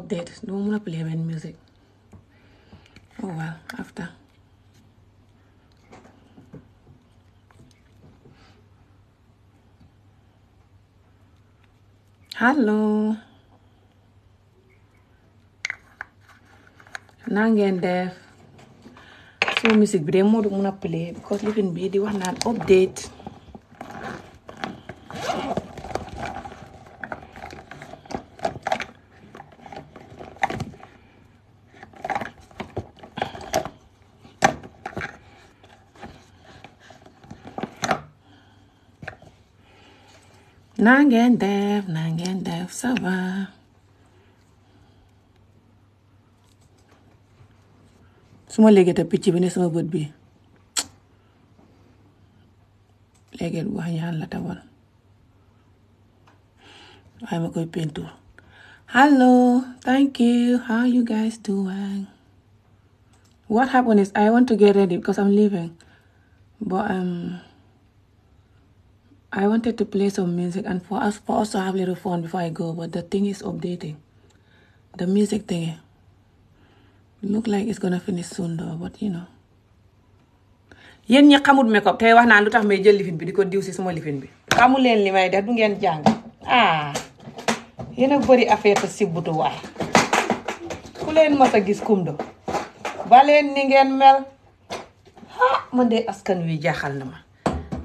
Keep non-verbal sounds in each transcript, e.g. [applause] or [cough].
update. Do I want to play my music? Oh well, after. Hello. naa ngeen def soo musique bi de moo du mun a because lifin bii di wax naan update Nangendef, Nangendef, ça va. su ma léegi te picc bi ne sama bët bi léegi bu wax ñaan la tabal waaye ma koy peinture hello thank you how you guys doing what happened is I want to get ready because I'm leaving but um, I wanted to play some music and for us, for us to have a before I go, but the thing is updating. The music thing look like it's gonna finish soon though, but you know. yéen ñi xamut makeup tey wax naa lu tax may jël lifin bi di ko diw si suma lifin bi. xamuleen leen li may def du ngeen jàng ah yéen a bëri affaire te sibbutu waay ku leen mas a gis kumdo ba leen ni ngeen mel ah man de askan wi jaaxal na ma.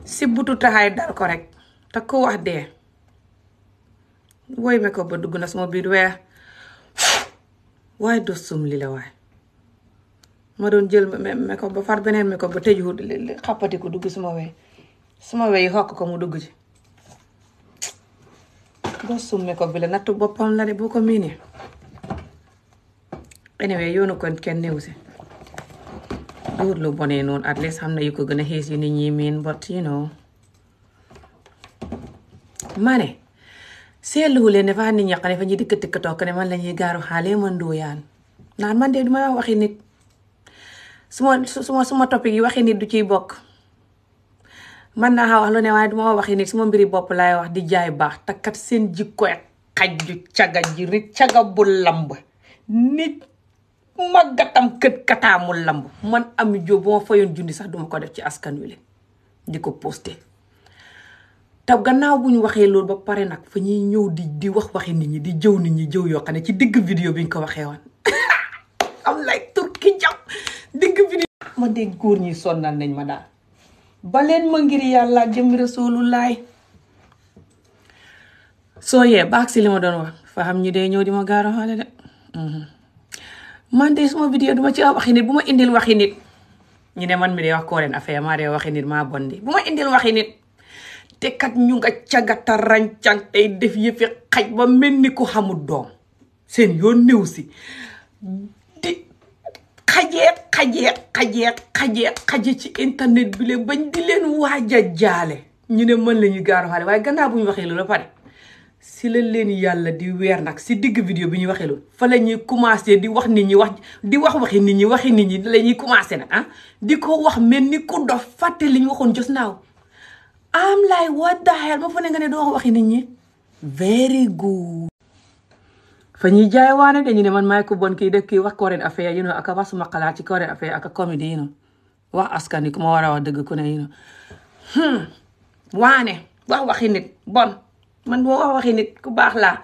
si butu taxaay dal ko rek te ku wax dee woy me ko ba dugg na sama biir weex waaye dosum li la waay ma doon jël me ko ba far beneen me ko ba tëjuwut xappati ko dugg suma wey suma wey xokk ko mu dugg ci dosum me ko bi la nattu boppam la de boo ko miinee anyway yoonu kon kenn néew si duut lu bonee noonu at least xam na yu ko gën a xiis yu nit ñi miin but you know ma ne seetluwulee ne fa nit ñi xane fa ñi dikk tikk toog ne man la ñuy gaaru xaale man dooyaan naan man de du ma waxi nit suma suma suma topic yi waxi du ciy bokk man naa wax ne waaye duma waxi nit suma mbiri bopp laay wax di jaay baax takkat seen jikkoy xaj ju caga ji ri caga bu lamb nit màggatam lamb man Ami Jóob bu ma junni sax duma def ci askan wi di ko posté te gannaaw bu ñu waxee loolu ba pare nag fa ñuy ñëw di di wax waxi nit ñi di jëw nit ñi jëw yoo xam ne ci digg vidéo bi ko waxee woon [laughs] am lay turki digg vidéo ma de góor ñi sonnal nañ ma daal ba leen ma ngir yàlla solu rasulullaay soo yee baax si li ma doon wax fa xam ñi de ñëw di ma gaaraxaale de mhm. man de suma vidéo duma ci a nit bu ma indil waxi nit ñu ne man mi de wax kooreen affaire maa de waxi nit maa bon bu ma indil waxi nit te kat ñu nga cagata rancang tey def yëfi xaj ba mel ni ku doom seen yoon néew si di xajeet xajeet xajeet xajeet xaje ci internet bi le bañ di leen waaj a jaale ñu ne mën la ñu gaaru xaale waaye gannaaw bu ñu waxee loolu pare si la leen yàlla di weer nag si digg vidéo bi ñuy waxee lool fa la ñuy commencé di wax nit ñi wax di wax waxi nit ñi waxi nit ñi la ñuy commencé nag ah di ko wax mel ni ku dof fàtte li ñu waxoon jos naaw am laay what the hell ma fa ne nga ne doo wax waxi nit ñi very good fa ñuy jaay waane dañu ne man maay ko bon kii dëkk kii wax current affaire yi ak wax suma xalaat ci current affaire ak comédie yi wax askan wi ku ma war a wax dëgg ko ne yi hmm. waane wax waxi nit man boo ma waxee nit ku baax laa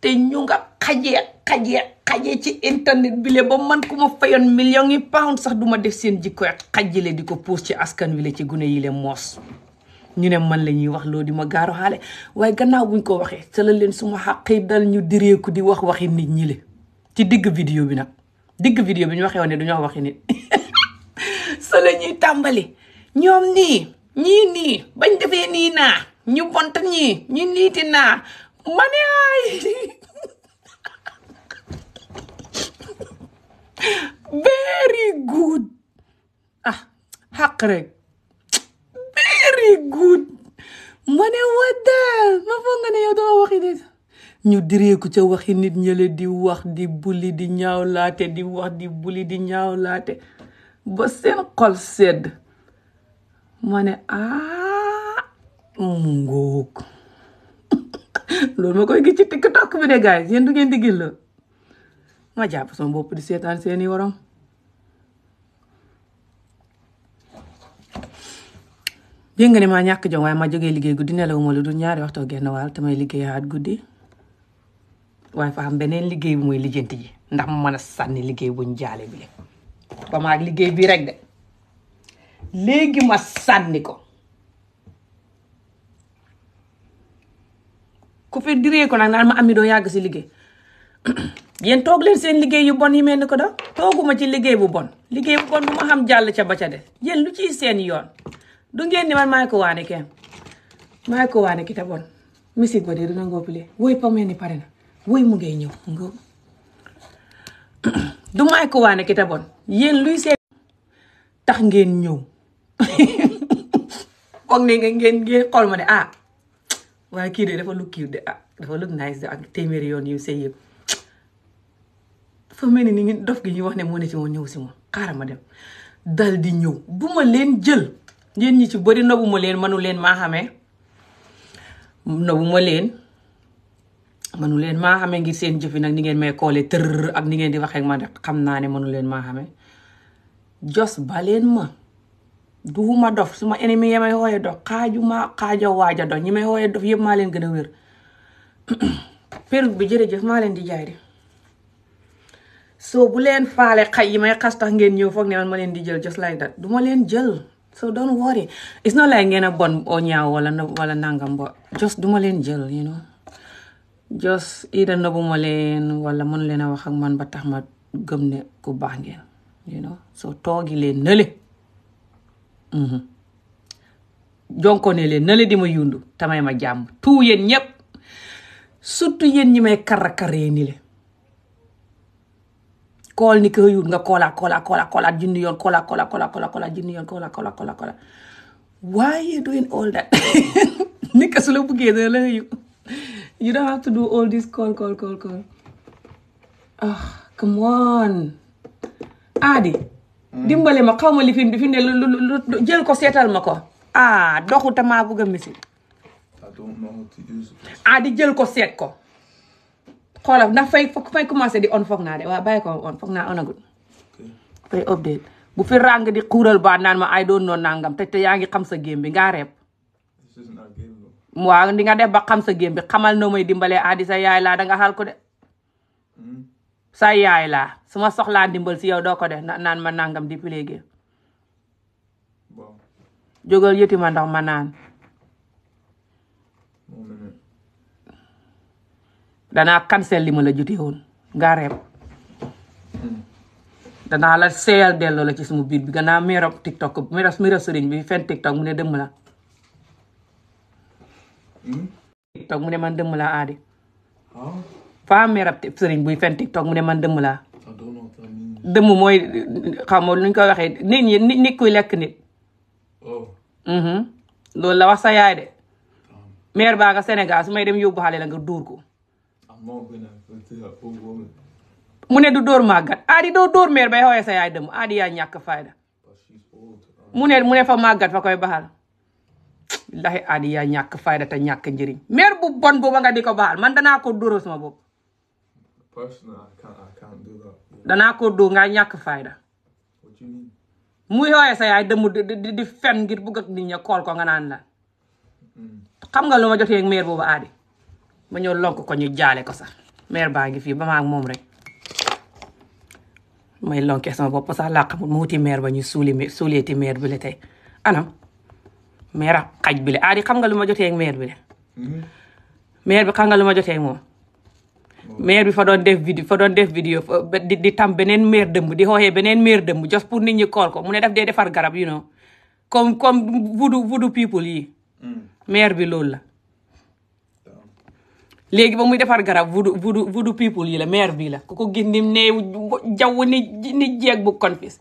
te ñu nga xajee xajee xajee ci internet bi le ba man ku ma fayoon millions yi pound sax duma def seen jikko xajjile di ko puus ci askan wi ci gune yi le moos ñu ne man la ñuy wax loo di ma gaaru xaale waaye gannaaw buñ ko waxee sala leen suma xaqi dal ñu direeku di wax waxi nit ñi le ci digg vidéo bi nag digg vidéo bi ñu waxee woon ne duñu wax waxi nit sa [laughs] tàmbali ñoom nii ñii nii bañ defee nii naa ñu bont ñi ñu niiti naa ma ne very good ah xaq very good ma waddaal ma foog nga ne yow nit ñu direeku ca waxi nit ñële di wax di buli di ñaawlaate di wax di buli di ñaawlaate ba seen xol sedd ma ah mu ngoog [laughs] loolu ma koy gis ci tiktok bi de gars yéen du ngeen di gis la ma jàpp sama bopp di seetaan seeni waram dégg nga ne maa ñàkk jom waaye ma jógee liggéey guddi nelawuma lu dul ñaari waxtu genn wàll te may liggéeyaat guddi waaye fa am beneen liggéey bu muy lijjanti ji ndax mu mën a sànni liggéey buñ jaale bi le ba maag liggéey bii de léegi ma sànni ko ku fi diree ko nag naan ma am mi doo yàgg si liggéey [clears throat] yéen toog leen seen liggéey yu bon yi mel ni ko da tooguma ci liggéey bu bon liggéey bu bon bu ma xam jàll ca ba ca de yéen lu ciy seen yoon du ngeen ni man maa ko waane kenn ko waane ki te bon misik ba de dina ngoopile na woy mu ñëw ngoo [clears throat] du maa yéen luy seen tax ngeen ñëw [laughs] foog ne nga ngeen ngeen xool ma ne ah waaye kii de dafa look cute de ah dafa look nice de ak téeméeri yoon yu sëy yëpp dafa mel ni ni dof ki ñuy wax ne moo ne ci moom ñëw si moom xaaral ma dem dal di ñëw bu ma leen jël yéen ñi ci bëri nobu ma leen manu leen maa xamee nobu ma leen manu leen maa xamee ngi seen jëfi nag ni ngeen ma koole tër ak ni ngeen di waxee ak man xam naa ne manu leen maa xamee jos ba leen ma duhuma dof su ma ennemi ya may xooyee dof xaajuma xaaja waaja dof ñi may xooyee yëpp maa leen gën a wér [clears throat] perruque bi jërëjëf maa leen di jaay de bu leen faale xay yi may xas ngeen ñëw foog ne ma leen di jël just like that du leen jël so don't worry it's not like ngeen a bon o ñaaw wala wala nangam ba just du leen jël you know just ida nobu ma leen wala mën leen a wax ak man ba tax ma gëm ne ku baax ngeen you know so toogi leen nële Mhm. jonko ne leen na le di ma yundu tamay ma jàmm tout yéen ñëpp surtout yéen ñi may karrakaree ni le kool ni ko yut nga koolaa koolaa koolaa koolaat junni yoon koolaa koolaa koolaa koolaa koolaa all that [laughs] ni ka su la buggee dana la xëyu you don't have to all this call call call call ah come Mm. dimbale ma xaw ma li film fi ne lu lu jël ko seetal ma ko. ah doxu te maa bëgg a misi. ah di jël ko seet ko. xoolal na fay fay commencé di on foog naa de waaw bàyyi ko on foog naa on agul. fay update bu fi ràng di xuural ba naan ma ay doon noonu nangam te te yaa ngi xam sa game bi ngaa reeb. waaw nga def ba xam sa game bi xamal noo may dimbalee ah sa yaay laa da nga xaal ko de. sa yaay laa su ma soxlaa ndimbal si yow doo ko def naan ma nangam depuis léegi jógal yëti ma ndox ma naan danaa cancel li ma la jotee woon nga reeb hmm. danaa la sel delloo la ci sumu biir bi gannaaw meerob tiktok meerob meerob sëriñ bi fen tiktok mu ne dëmm hmm? mu ne man dëmm la aadi ah. faa merab sëriñ buy fen tiktok mu ne man dëmm laa ah, dëmm mooy xam nga nuñ koy waxee nit ñi nit nit kuy lekk nit oh. mm-hmm. loolu la wax sa yaay de maire baa nga Sénégal su may dem yóbbu xale la nga dóor ko ah, mu ne du dóor màggat aadi doo dóor maire bay xooyee sa yaay dëmm aadi yaa ñàkk fayda mu ne mu ne fa màggat fa koy baxal billahi aadi yaa ñàkk fayda te ñàkk njëriñ maire bu bon booba nga di baxal man danaa ko dóoroo sama bopp danaa ko dóor nga ñàkk fayda muy yooye sa yaay dëmm di di ngir bëgg ak nit ña kool ko nga naan la hmm. xam nga lu ma jotee ak ma ñëw lonk ko ñu jaale ko sax maire baa ngi fii ba ma moom rek may lonkee sama bopp sax laa ba ñu suuli suuleeti maire bi la tey anam maire xaj bi la aadi xam nga lu ma jotee ak bi la hmm. maire bi xam nga lu ma jotee ak moom maire bi fa doon def vidéo fa doon def vidéo di di tam beneen maire dëmb di xooxee beneen maire dëmb just pour ni ñi kool ko mu ne daf dee defar garab you know comme comme voodoo voodoo people yi hmm. maire bi loolu la léegi ba muy defar garab voodoo voodoo voodoo people yi la maire bi la ku ko gis ni néew jaww ni ni jeeg bu confis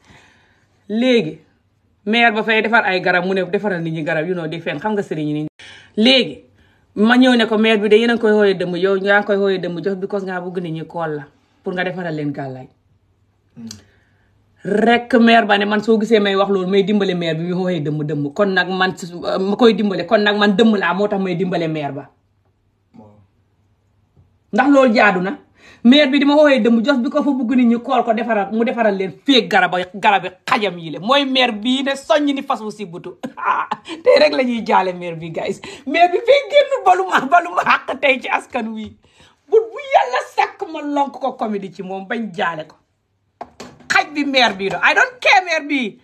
léegi maire ba fay defar ay garab mu ne defaral ni ñi garab yi noo di fen xam nga sëriñ ni léegi ma ñëw ne ko maire bi de yéen a koy xooyee dëmm yow yaa ngi koy xooyee dëmm jox bi cause bugg bëgg nit kool la pour nga defaral leen gàllaay hmm. rek maire ba ne man soo gisee may wax loolu may dimbale meer bi mi xooyee dëmm dëmm kon nag man ma koy dimbale kon nag man dëmm laa moo tax may dimbale maire ba ndax loolu jaadu na maire bi di ma woowee dëmb jos bi ko fa bugg nit ñu kool ko defaral mu defaral leen féeg garaba garabi xajam yi mooy maire bi ne soññ ni fas wu si butu [laughs] tey rek la ñuy jaale maire bi guys maire bi fii génn balu ma balu ma xàq tey ci askan wi bu bu yàlla sàkk ma lonk ko comédie ci moom bañ jaale ko xaj bi maire bii do I don't care maire bii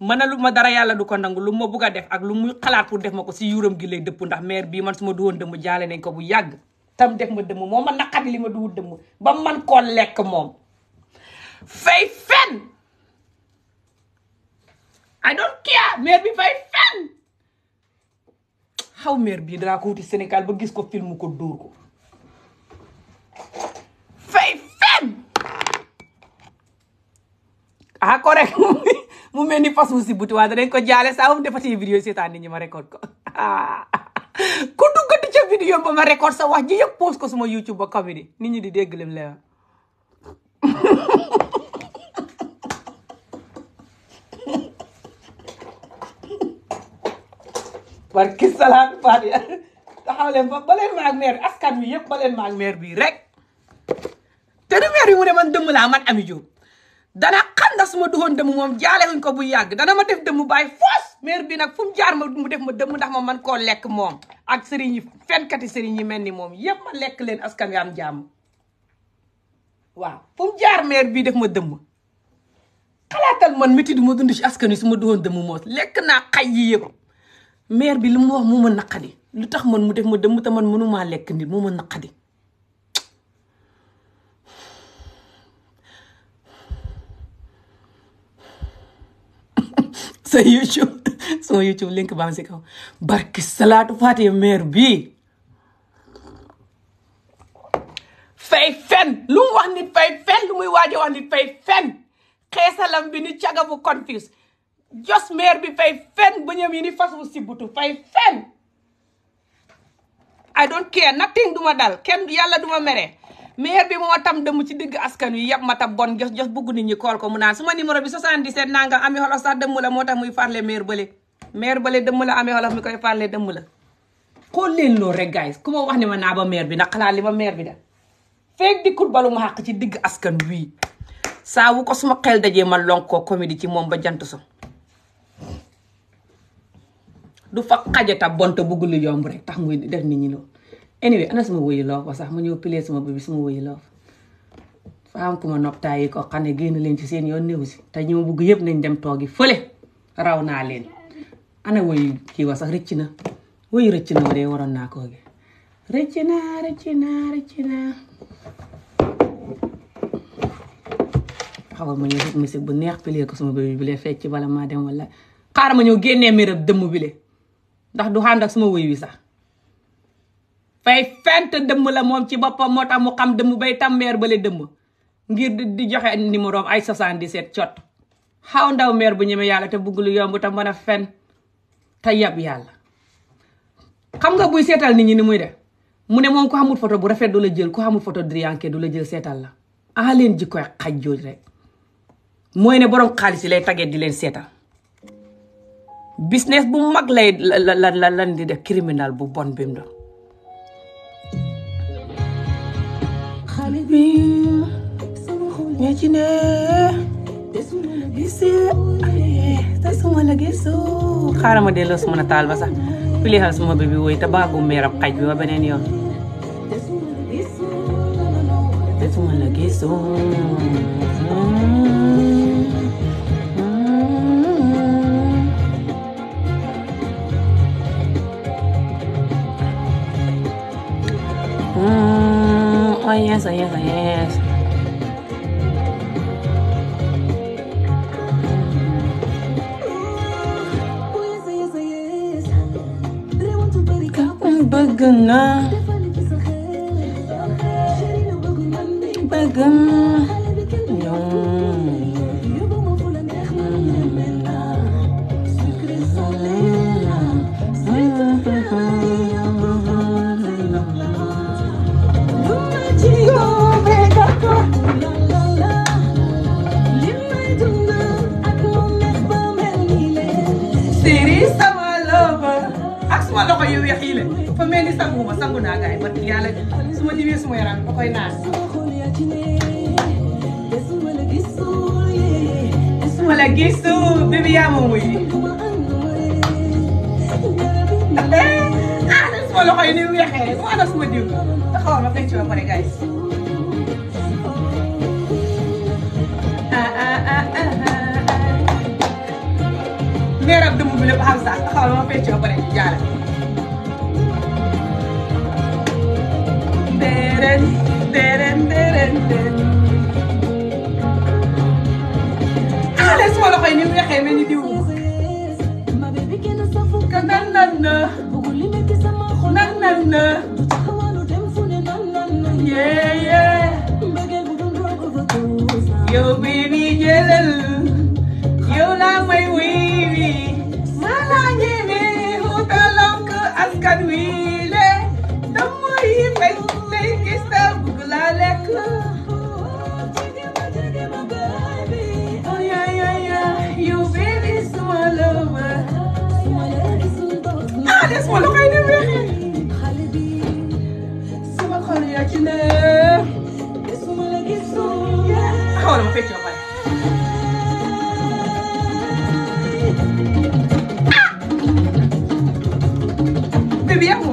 mëna lu ma dara yàlla du ko nangu lu ma bugg a def ak lu mu xalaat pour def ma ko si yuuram gi lay dëpp ndax maire bi man su ma du woon dëmb nañ ko bu yàgg tam def ma dëmm moo man naqari li ma duwul dëmm ba man koo lekk moom fay fen I don't care mère bi fay fen xaw mère bii danaa ko wuti Sénégal ba gis ko film ko dóor ko fay fen ah ko rek [laughs] mu mel ni si buti waa danañ ko jaale saa mu defati vidéo seetaan nit ñi ma record ko [laughs] ku duggati ca vidéo ba ma record sa wax ji yëpp post ko suma YouTube ba comedy nit ñi di dégg lim la barki salaat faat ya taxaw leen ba ba leen ma ak maire askan wi yëpp ba leen ma ak bii rek te du maire bi man dëmm laa man Ami Diop dana xandas ma duxoon dëmm moom jaale wuñ ko bu yàgg dana ma def dëmm bàyyi foos maire bi nag fu mu jaar ma mu def ma dëmm ndax ma man koo lekk moom ak sëriñ yi fenkati sëriñ yi mel ni moom yépp ma lekk leen askan wi am jàmm waaw fu mu jaar maire bii def ma dëmm xalaatal man métti du ma dund ci askan wi su ma duxoon dëmm moos lekk naa xay yi yëpp bi lu mu wax mu ma lu tax man mu def ma dëmm te man mënumaa lekk nit mu ma naqadi sa youtube [laughs] sama youtube link baa ngi si kaw barki salaatu faatee maire bii fay fen lu mu nit fay fen lu muy waajo nit fay fen xeesalam bi ni caga bu confuse jos maire bi fay fen ba yi ni fas bu sibutu fay fen I don't care nothing duma dal kenn yàlla duma mere maire bi moo tam dëmm ci digg askan wi yëpp ma tam bon jox jox bugg nit ñi kool ko mu naan su ma bi 77 nanga ami xolof sax dëmm la moo tax muy farle maire maire bële dëmm la ami xolof mi koy farle dëmm la xool leen loolu rek guys ku ma wax ni ma naa ba maire bi na xalaat li ma maire bi da feeg dikkul balu ma xàq ci digg askan wi saa wu ko suma xel dajee ma lonk ko comédie ci moom ba jant so du fa xajata bonta bugg lu yomb rek tax muy def nit ñi loolu anyway ana suma wëyu loof ba sax ma ñëw pilee sama bi sama wëyu loof fa am ma nopp taay yi ko xam ne génn leen ci seen yoon néew si te ñëw bugg yëpp nañ dem toogi fële raw naa leen ana wëyu kii wa sax rëcc na wëyu rëcc na ma dee waroon naa koo gi rëcc naa rëcc ma ñëw musique bu neex pilee ko sama bi bile fecc bala maa dem wala ma ñëw génnee mérab dëmm bile ndax du xànd ak sama wëy wi sax fay fent dëmb la moom ci boppam moo tax mu xam dëmm bay tàmmeer bale dëmm ngir di joxe numéro ay 77 cot xaw ndaw meer bu ñeme yàlla te bugg lu yomb tam mën a fen te yab yàlla xam nga buy seetal nit ñi ni muy def mu ne moom ko xamul photo bu rafet du la jël ko xamul photo drianke du la jël seetal la a leen ji koy xaj jooj rek mooy ne borom xaalis yi lay tagee di leen seetal business bu mag lay la la la di def criminal bu bon bi mu doon xale bi ma la gisoo xaaral ma delloo ma na taal ba sax fili xal suma bi bi woy te baagu meeram xaj ba beneen yoon yes, yes, yes. bëgg na bëgg na loxo yu weex yi la fa mel ni sangu ma sangu naa gaay barki yàlla su ma diwee suma yaram ba koy naas suma la gisu bibi yaa ma muy eh, ana suma loxo yi ni weexee mu ana suma diw te xawar ma fekk ci ba pare gaay Merab demu bile ba xam sax taxawal ma fecc ba pare ah, ah, ah, jaara xale su ma loxo yi ni mu weexee mel ni diw ka nan nan na nan nan na yee yee yow bi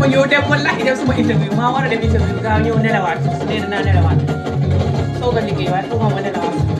ma ñëw dem wallahi dem sama interview maa war a dem interview gaaw ñëw nelawaat su dee dinaa nelawaat soog a liggéey waaye foog ma ma nelawaat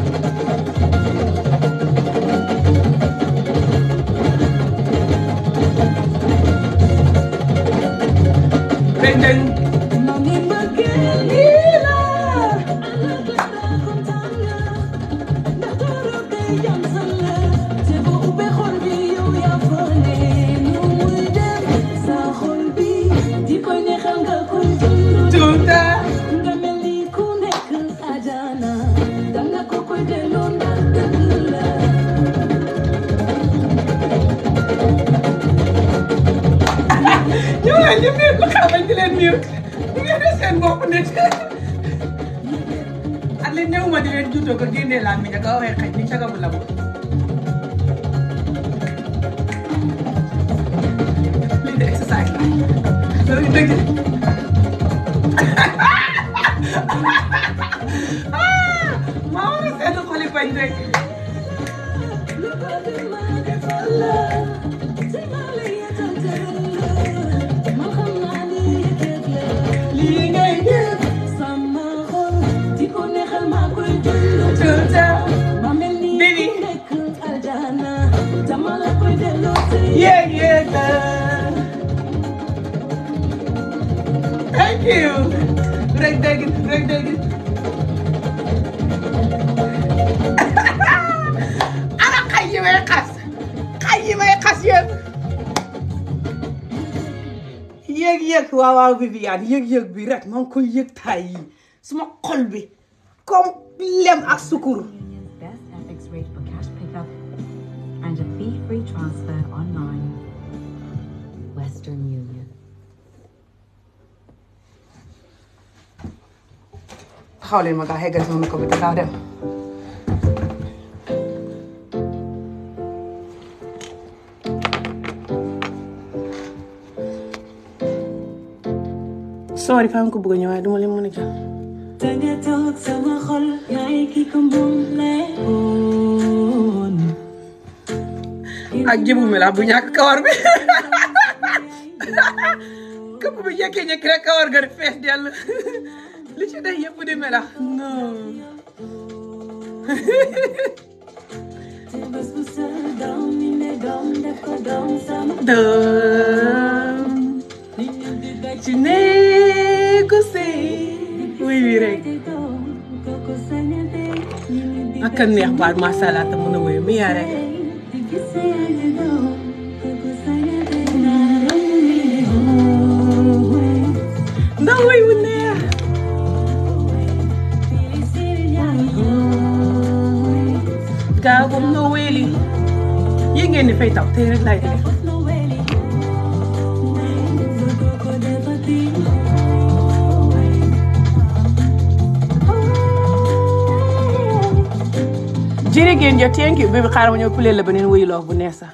Viviane yëg-yëg bi rek maa ngi koy yëg taay yi suma xol bi comme lem ak sukur. xawle ma gaa xeggal sama ko bi gaaw dem. kawar yi fa am ko bëgg leen mën a jàll. danga toog sama xol may ki ko moom lay ak jëbu mi la bu ñàkk kawar bi [laughs] këpp [laughs] li ci day yëpp di melax non. [laughs] doom. ci ne. ak eh. a neex baal macha allah te mën a wéy mi yaa rek. ndax wéy wu neex. gaaw ba mu noo wéyali yi ngeen di fay taw tey rek laay def. jërë ngeen jëf thank you bi bi xaaral ma ñëw kuleel la beneen wuyu loof bu neex sax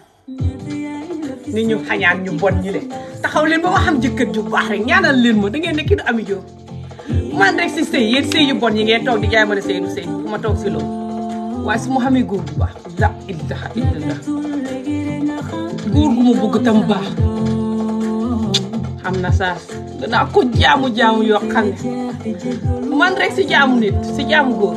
ni ñu xañaan ñu bon ñi le taxaw leen ba ma xam jëkkër ju baax rek ñaanal leen ma da ngeen nekk du ami joo man rek si sëy bon ñi ngeen toog di jaay ma ne sëy du ma toog si loolu waaye xamee góor bu baax la ilaha illallah góor gu ma bëgg na saas danaa ko jaamu jaamu yoo man rek si jaamu nit si jaamu góor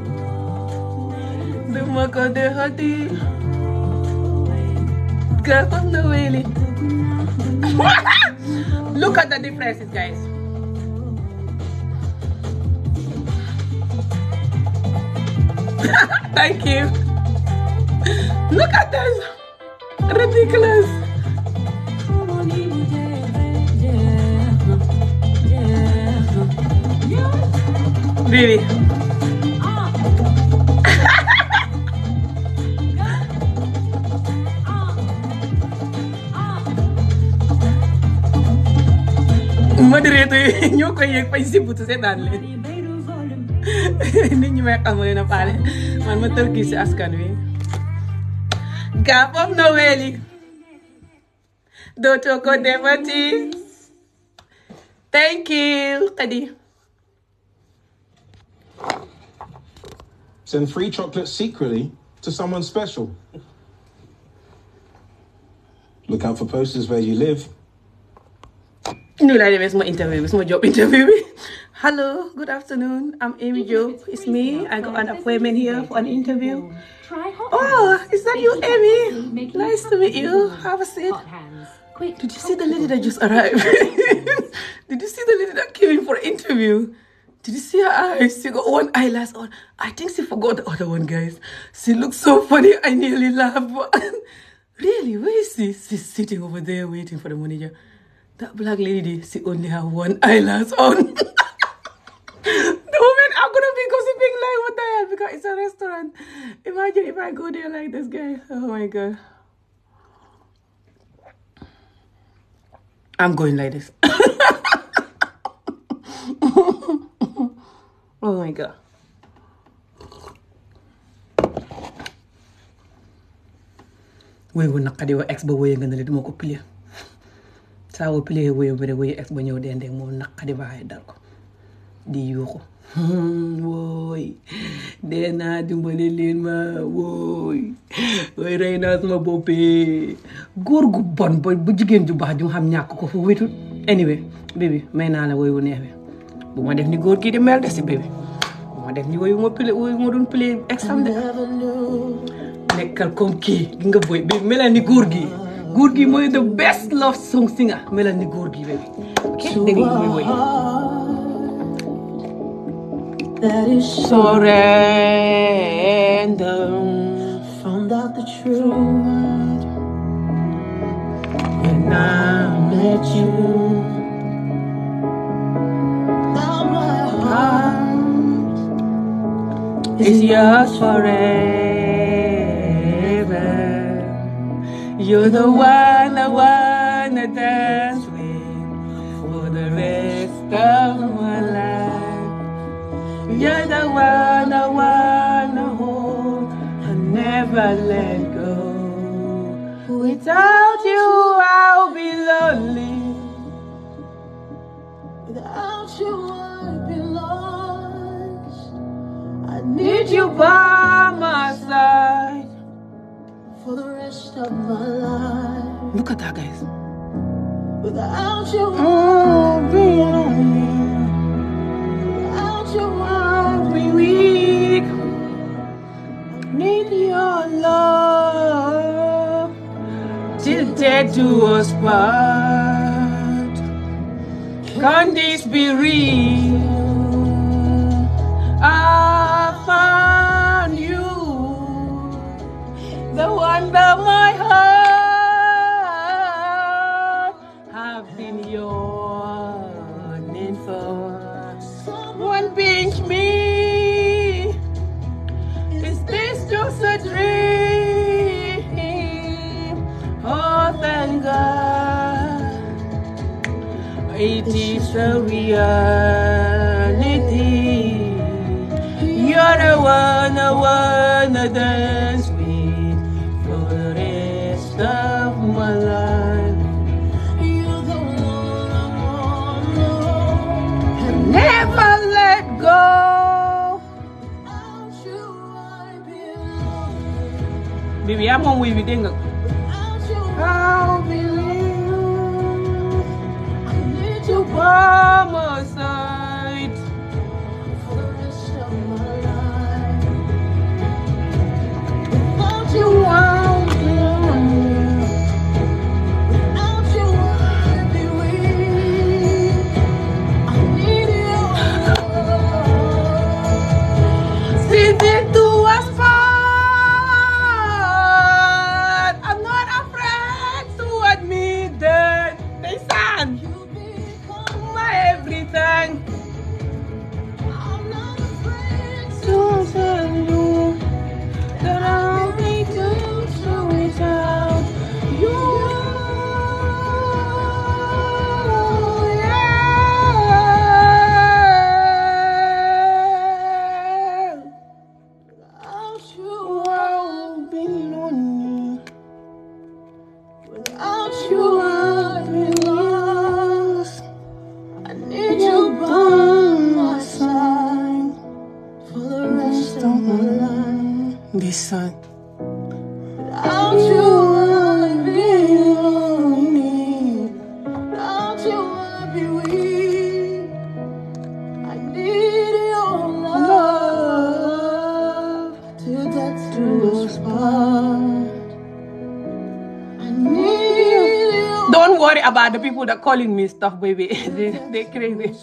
ਕਦੇ ਹਟੀ Girl, no really. Look at [laughs] Thank you. Look at this. Ridiculous. Really. moo yi [laughs] ñoo koy yëg fay si butu seetaan leen nit ñi may xam leen a man ma tërki askan wi gaa foofu na weeli dootoo ko thank you Khady send free chocolate secretly to someone special look out for posters where you live ñu laa demee suma interview bi suma job interview bi [laughs] hello good afternoon I'm Amy Jobe it's me I got an appointment here for an interview oh is that you Amy nice to meet you have a seat did you see the lady that just arrived [laughs] did you see the lady that came in for interview did you see her eyes she got one eyelash on I think she forgot the other one guys she looks so funny I nearly laughed but [laughs] really where is she she's sitting over there waiting for the manager that black lady, she only have one eyelash on. the women are gonna be like what the hell because it's a restaurant. Imagine if I go there like this guy. Oh my god. I'm going like this. [laughs] oh my god. wéy nga ne dama ko plier saa woo pile wéyu bi rek wéyu ex ba ñëw dendeeg moom naqadi baaxee dal ko di yuuxu hmm, wooy dee naa dimbali leen ma wooy wooy rey naa sama boppe góor gu bon ba bu jigéen ju baax ju xam ñàkk ko fu wétu anyway bébé may naa la wooyu neex bi bu ma def ni góor kii di mel si bébé bu ma def ni wooyu ma pile wooyu ma doon pile exam ni góor góor gi mooy the best love song singer melal ni góor gi bébé kenn déglu muy woy surrender found out the truth when I met you now my heart is yours forever You're the one I wanna dance with for the rest of my life. You're the one I wanna hold and never let go. Without you, I'll be lonely. Without you, I'll be lost. I need you by my side. for the rest of my life. Look at that, guys. Without you, oh, I'll be lonely. Without you, I'll be weak. I need your love till death do us part. Can this be real? I find the wonder my heart have been yearning for. Someone pinch me. Is this just a dream? Oh, thank It is a reality. You're the one, the one, the yaa moom wuy bi dégg nga people that calling me stuff, baby. [laughs] they, they crazy.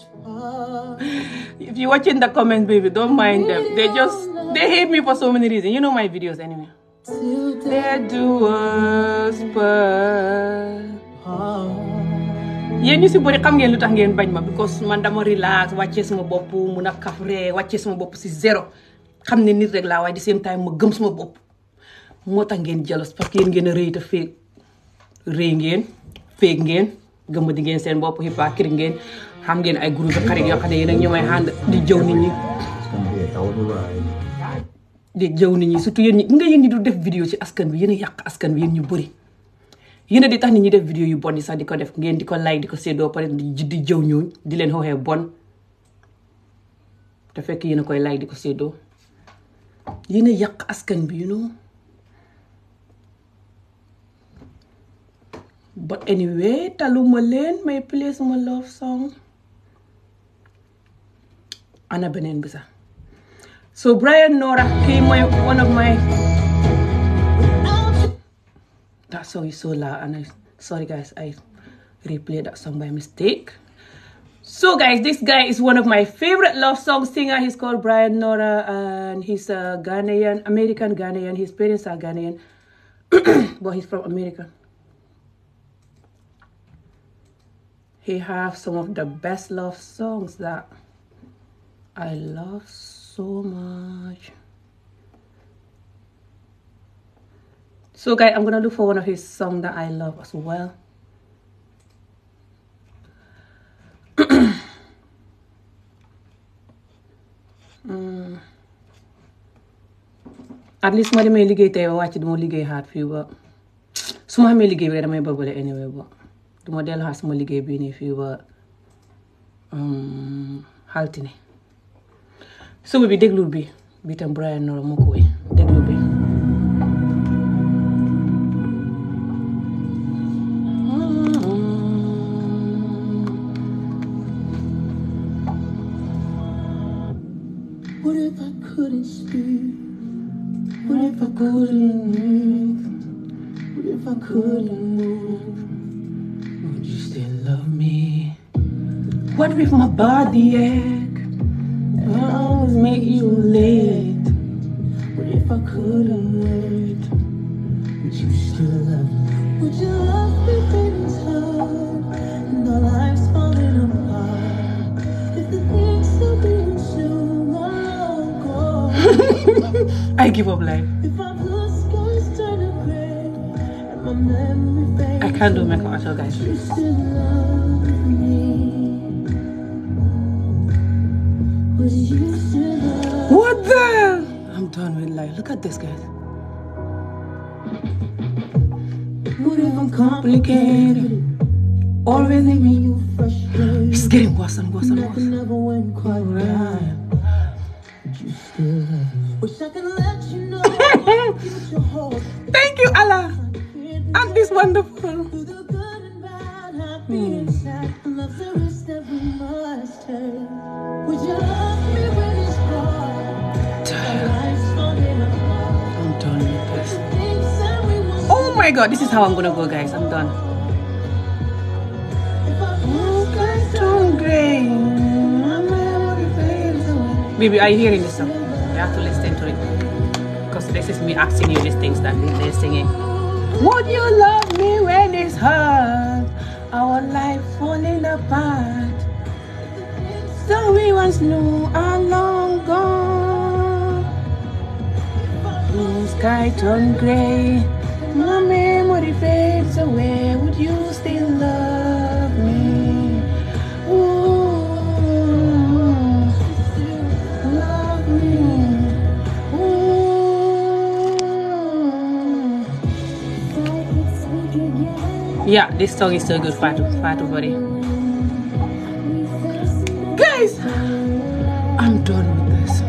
if you're watching the comments, baby, don't mind them. They just, they hate me si bëri xam ngeen lu tax ngeen bañ ma because man dama relax wàccee suma bopp mun a kafre wàccee suma bopp si zéro xam ne nit rek laa waaye di same time ma gëm suma bopp moo tax ngeen jealous parce que yéen ngeen a rëy te féeg rëy ngeen féeg ngeen gëmm di ngeen seen bopp hip hop ngeen xam ngeen ay groupe yoo xam ne yéen ak ñoom di jëw nit ñi. di jëw nit ñi surtout yéen ñi nga yéen ñi du def vidéo ci askan bi yéen yàq askan bi yéen ñu bëri. yéen di tax nit ñi def vidéo yu bon yi sax di ko def ngeen di ko like di ko séddoo pare di di jëw ñooñu di leen xooxee bon te fekk yéen koy like di ko séddoo yéen yàq askan bi you know but anyway taluma leen may play suma love song ana beneen bi so Brian Nora kii mooy one of my that song is so loud and I sorry guys I replayed that song by mistake so guys this guy is one of my favorite love song singer he's called Brian Nora and American Ghanaian his parents are Ghanaian [coughs] but he's from America he have some of the best love songs that I love so much. So guys, I'm gonna look for one of his song that I love as well. Mm. at least ma demee liggéey tey ba wàcc du liggéey hard fii ba su ma xamee liggéey bi damay bëgg anyway ba. du ma delluwaat liggéey bii nii fii ba um, altine suba bi déglu bi bi tam Brian Noro moo ko wéy déglu bi I still love me? What if my body ache? I always make you late. What if I couldn't wait? Would you still love me? Would you love me when it's hard and our lives falling apart? If the things are being shown, I'll go. I give up life. I can't do makeup at all, guys. What the? I'm done with life. Look at this, guys. What if I'm complicated? Or really mean you frustrated? It's getting worse and worse and worse. Never went quite right. Wish I could let you know. [laughs] Thank you, Allah. He's wonderful. I'm done with this. Oh my god, this is how I'm gonna go, guys. I'm done. Baby, are you hearing this song? You have to listen to it. Because this is me asking you these things that they're singing. Would you love me when it's hard? Our life falling apart. So we once knew are long gone. Blue sky turned gray. My memory fades away. Would you? Yeah, this song is so good, Fatu, Fatu Body. Guys, I'm done with this.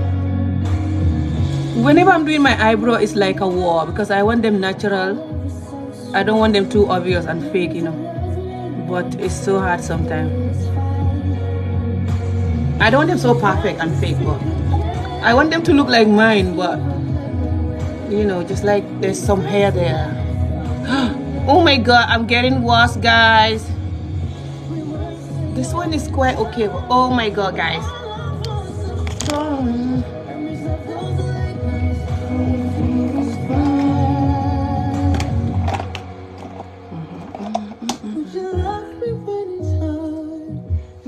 Whenever I'm doing my eyebrow, it's like a war because I want them natural. I don't want them too obvious and fake, you know. But it's so hard sometimes. I don't want them so perfect and fake, but I want them to look like mine, but you know, just like there's some hair there. [gasps] [gasps] oh my god i'm getting worse guys this one is quite okay oh my god guys mm-hmm.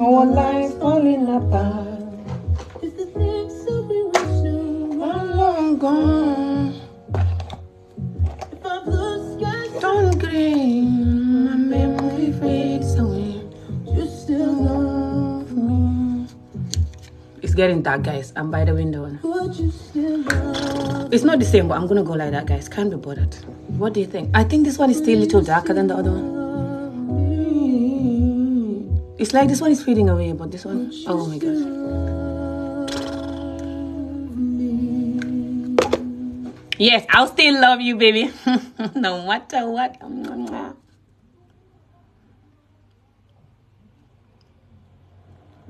Our life falling getting that, guys. I'm by the window. It's not the same, but I'm going to go like that, guys. Can't be bothered. What do you think? I think this one is still a little darker than the other one. It's like this one is fading away, but this one... Oh, my God. Yes, I'll still love you, baby. [laughs] no matter what.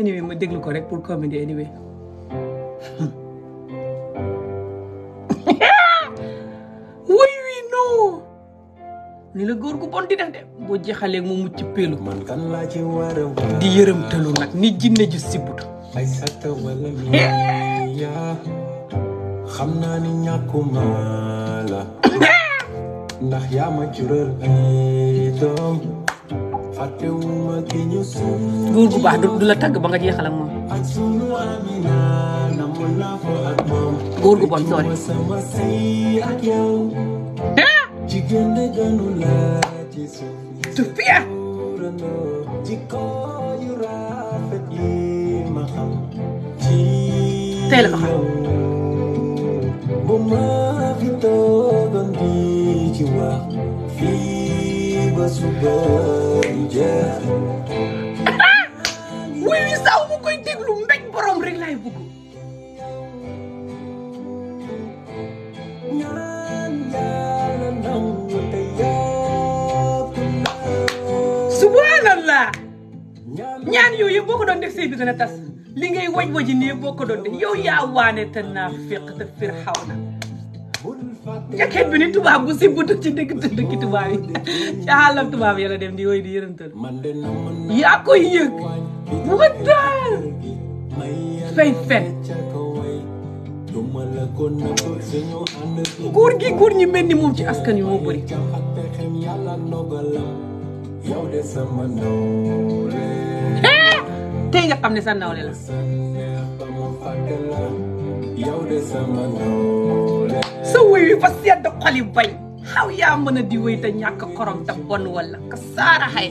anyway ma déglu ko rek pour comédie anyway way [laughs] wi non ni la góor gu bon di def de boo jeexalee mu mucc laa ci war a di yërëmtalu nag ni jinne ju sibut ay sata wala yaa naa ni ñàkkuma [laughs] ndax yaa ma jural ay góor gu baax du la tàgg ba nga jeexal ak moom góor gu bon soore ah! tu fiya tey la ko xam bu ma fi toogoon di ci ba suba jeex. wuyu saw bu koy déglu mbéj borom rek laay bëgg. subhanallah ñaan yooyu yëpp boo ko doon def sëy bi dana tas li ngay waj waji nii boo ko doon def yaa waane te naa féq na. jaket bi ni tubaab bu si butu ci dëkk dëkk tubaab yi ci àllam tubaab yi dem di woy di yërëmtal yaa koy yëg bu ma daal fay fen gi góor ñi mel ni moom ci askan wi moo bëri eh, tey nga xam ne sa nawle wéy wi fa sedd xoli bay xaw yaa mën a di wéy te ñàkk xorom te bon wala ka saara xay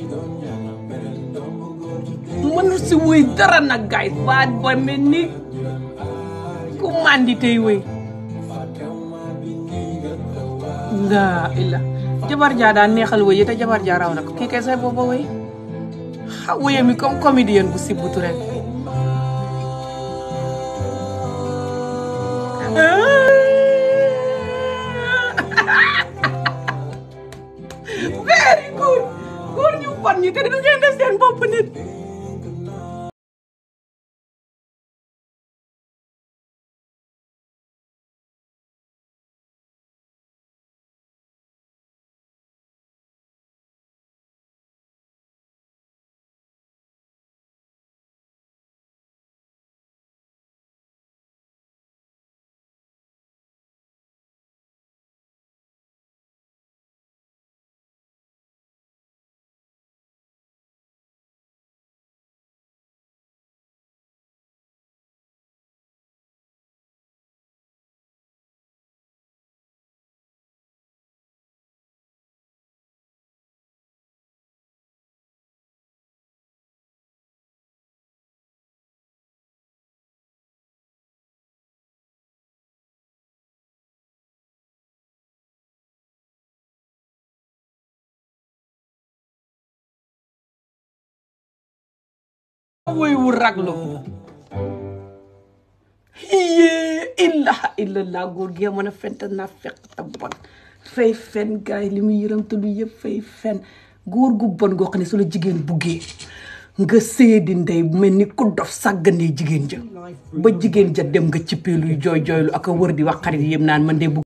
si wéy dara nag baat ba mel ni ku màndi wéy ndaa illa jabar jaa daa neexal wéy yi te jabar na ko kii kay say wéy xaw wéye mi comme comédien bu si rek bon ñi te dañu ngeen def seen bopp nit. wewu raglo yee illaha illallah góor gi mën a fen te naa fekk te bon fay fen gars yi li muy yëram te lu yëpp fay fen góor gu bon goo xam ne su la jigéen buggee nga séedi ndey mel ni ku dof sàgganee jigéen ja ba jigéen ja dem nga ci peeluy jooy jooylu ak a wër di wax xarit yëpp naan man de bugg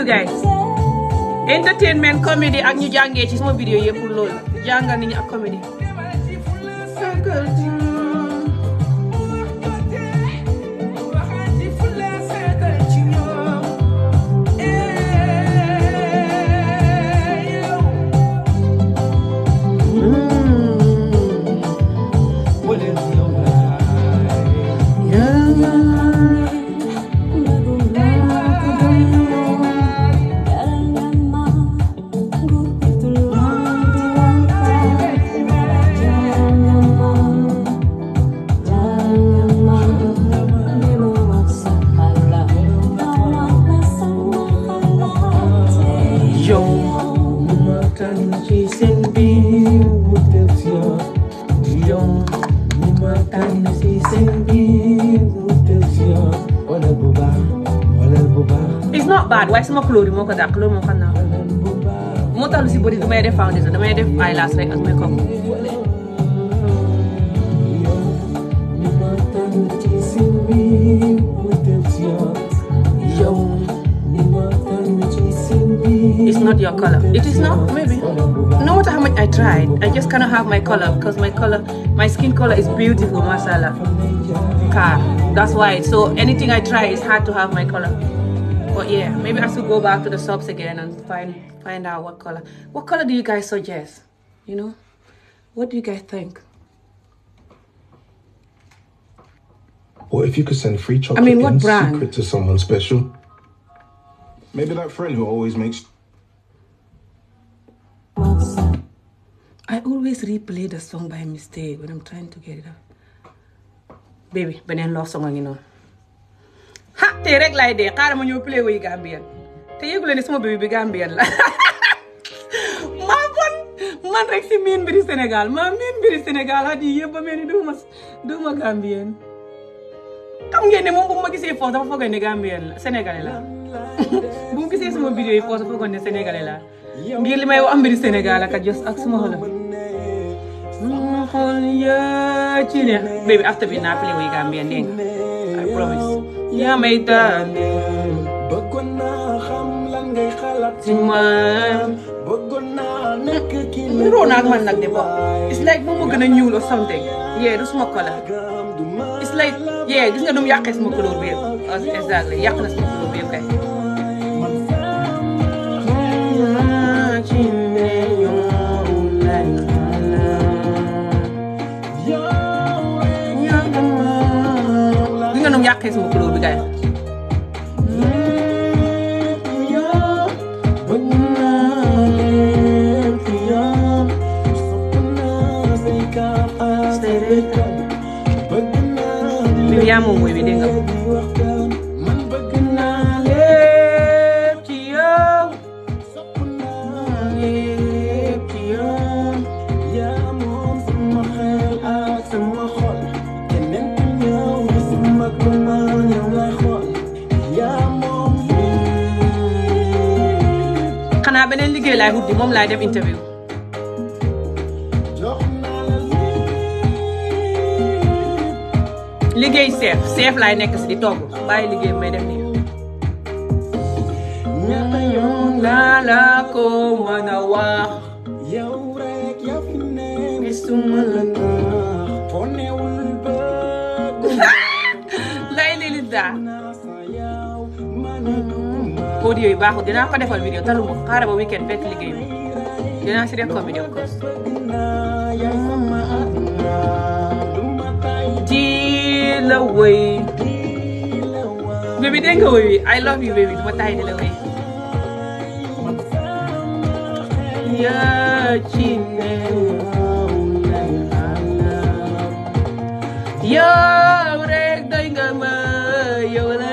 you guys entertainment comedy ak ñu jàngee ci sama vidéo yëpp loolu jàngal nit ñi ak comedy baat waaye sama couleur yi moo ko dàq loolu moom xam naa moo tax lu si bëri damay def foundation not your color. It is not, maybe. No I tried, I just because my skin color is beautiful, masala. Car. That's why. So anything I try is hard to have my color. But yeah, maybe I should go back to the shops again and find find out what color. What color do you guys suggest? You know, what do you guys think? Or if you could send free chocolate I mean, what in brand? secret to someone special. Maybe that friend who always makes. I always replay the song by mistake when I'm trying to get it up. Baby, but then lost song, you know. ha tey rek laay dee xaaral ma ñëw play way te yëgu ne sama bébé bi Gambien la [laughs] maa bon man rek miin mbiri Sénégal maa miin mbiri Sénégal at yii yëpp ba mel ni duuma duuma Gambien xam ngeen ne moom ma gisee ne Gambien la Sénégalais la [laughs] bu ma gisee sama vidéo yi la ngir li ak jos ak suma xol xool yaa ci ne after bi naa play way Gambien dégg nga I promise yaa may daane bëggoon naa xam lan ngay xalaat ci man bëggoon nekk ki niroo naa ak man nag de bo it's like moom ma gën a ñuul or something yee du suma kola it's like yee gis nga nu mu yàqee suma couleur bi yëpp exactly yàq na suma couleur bi yëpp kay yàqee sama couleur bi guys Viviamo muy bien, Mathieu laay hut di moom laay si di togg bàyyi liggéey may def nii ñaata la ko mën a audio yi baaxul dinaa ko defal vidéo taluma xaaral ba weekend fekk liggéey bi dinaa si def ko vidéo cos di la woy bébé dégg nga woy wi I love you bébé duma taay di la woy yaa ci new yow rek doy nga ma yow la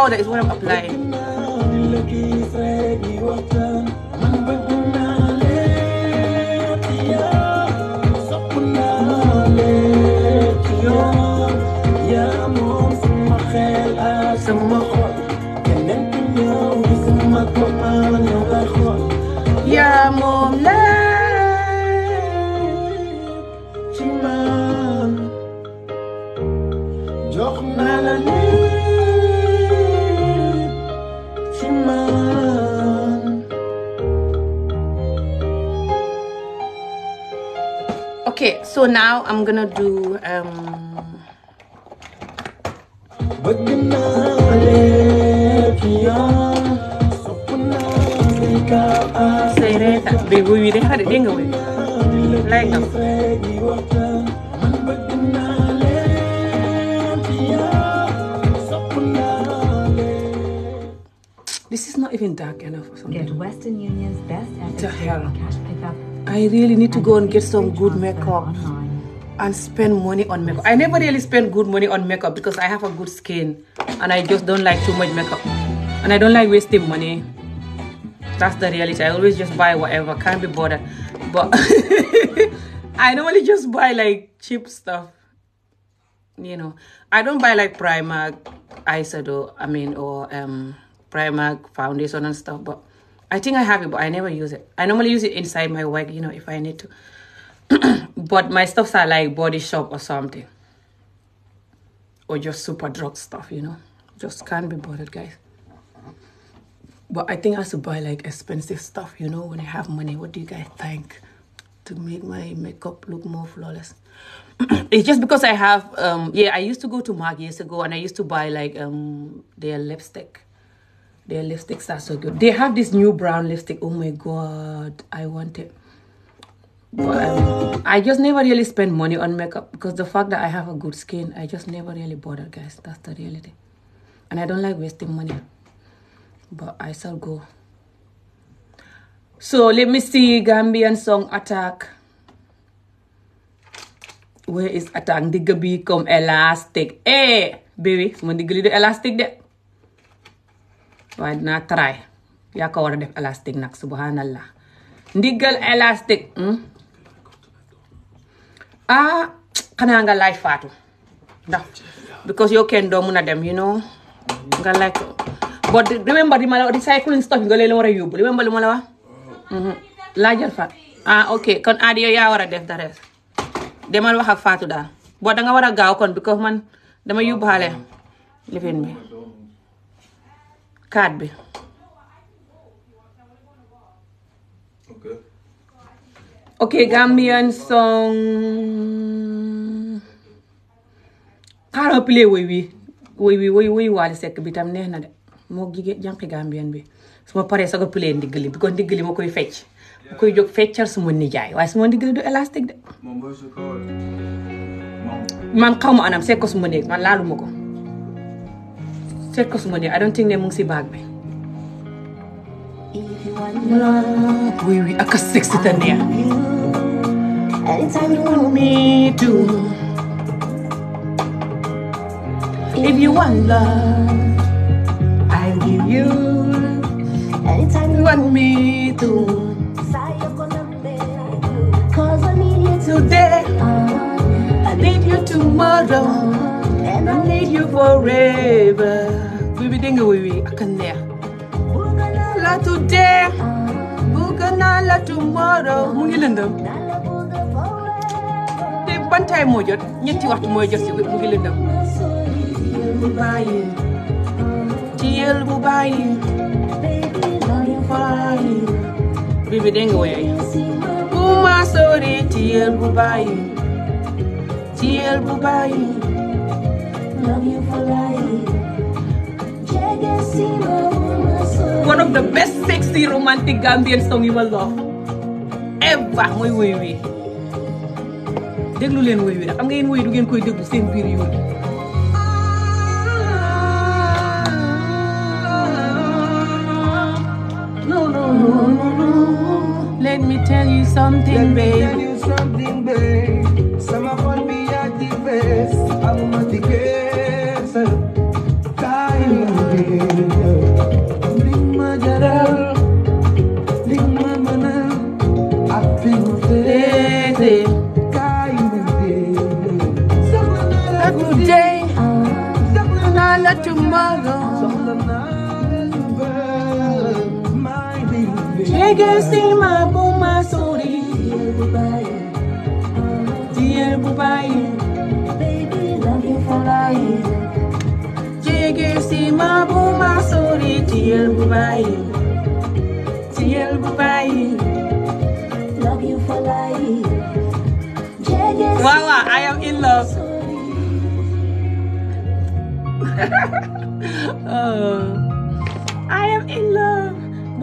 powder is what I'm applying. okay so now i'm gonna do um say reta be we we de hade de nga we lay nga This is not even dark enough or something. Get Western Union's best ever cash I really need to go and get some good makeup and spend money on makeup. I never really spend good money on makeup because I have a good skin and I just don't like too much makeup. And I don't like wasting money. That's the reality. I always just buy whatever, can't be bothered. But [laughs] I normally just buy like cheap stuff. You know, I don't buy like Primark eyeshadow, I mean, or um, Primark foundation and stuff, but I think I have it, but I never use it. I normally use it inside my work, you know, if I need to. [clears throat] but my stuffs are like body shop or something. Or just super drug stuff, you know. Just can't be bothered, guys. But I think I should buy like expensive stuff, you know, when I have money. What do you guys think? To make my makeup look more flawless. [clears throat] it's just because I have, um, yeah, I used to go to MAC years ago and I used to buy like um, their lipstick Their They have this new brown lipstick. Oh my god, I want it. Um, I just never really spend money on makeup because the fact that I have a good skin, I just never really bother, guys. That's the reality. And I don't like wasting money. But I shall go. So let me see Gambian song Attack. Where is Attack? Digga bi comme elastic. Hey, eh, baby, suma digga li elastic de. waaye dinaa taraay yaa ko war a def élastique nag subhanallah ndiggal élastique hmm? ah xanaa nga laaj faatu ndax because yow kenn doo mun a dem you know nga laaj but remember di ma la recycling stuff nga leen war a yóbbu remember li ma la wax mhm. laajal faatu ah ok kon aadi yow yaa war a def dara demal wax ak faatu daal boo da war a gaaw kon because man dama yóbbu xale lifin bi kaat bi ok Gambian song xaaral play woy wi woy wi woy woy Wally Seck bi tam neex na de moo jigéen janq Gambian bi su ma paree sax play ndiggali bi ko li ma koy fecc ma koy jóg feccal suma nijaay waaye suma ndiggali du élastique de man xaw ma anam sekk ko suma néeg man laaluma ko seet ko suma ne I don't think ne mu ngi si baag bi. oui oui ak a sexy te neex. If you want love, I'll give you. Anytime you want me to. Cause I need you today. I need you tomorrow. I need you forever. Bibi dinga wiwi akan there. La today, bugana la tomorrow. Mu ngi lëndëm. Te moo jot ñetti waxtu mooy jot si mu ngi lëndëm. Bu bàyyi. Tiyel bu bàyyi. Bibi Bu ma sori tiyel bu bàyyi. Tiyel bu bàyyi. One of the best sexy romantic Gambian song you will love ever mooy woy wi déglu leen woy wi nag xam nga yéen woy du ngeen koy déglu seen biir yoon no no no no let me tell you something babe Çekesin ma bu ma suri Diğer bu bayi Diğer bu bayi Baby love you for life Çekesin ma bu ma suri Diğer bu bayi Diğer bu bayi Love you for life Wawa, I am in love. oh, [laughs] I am in love.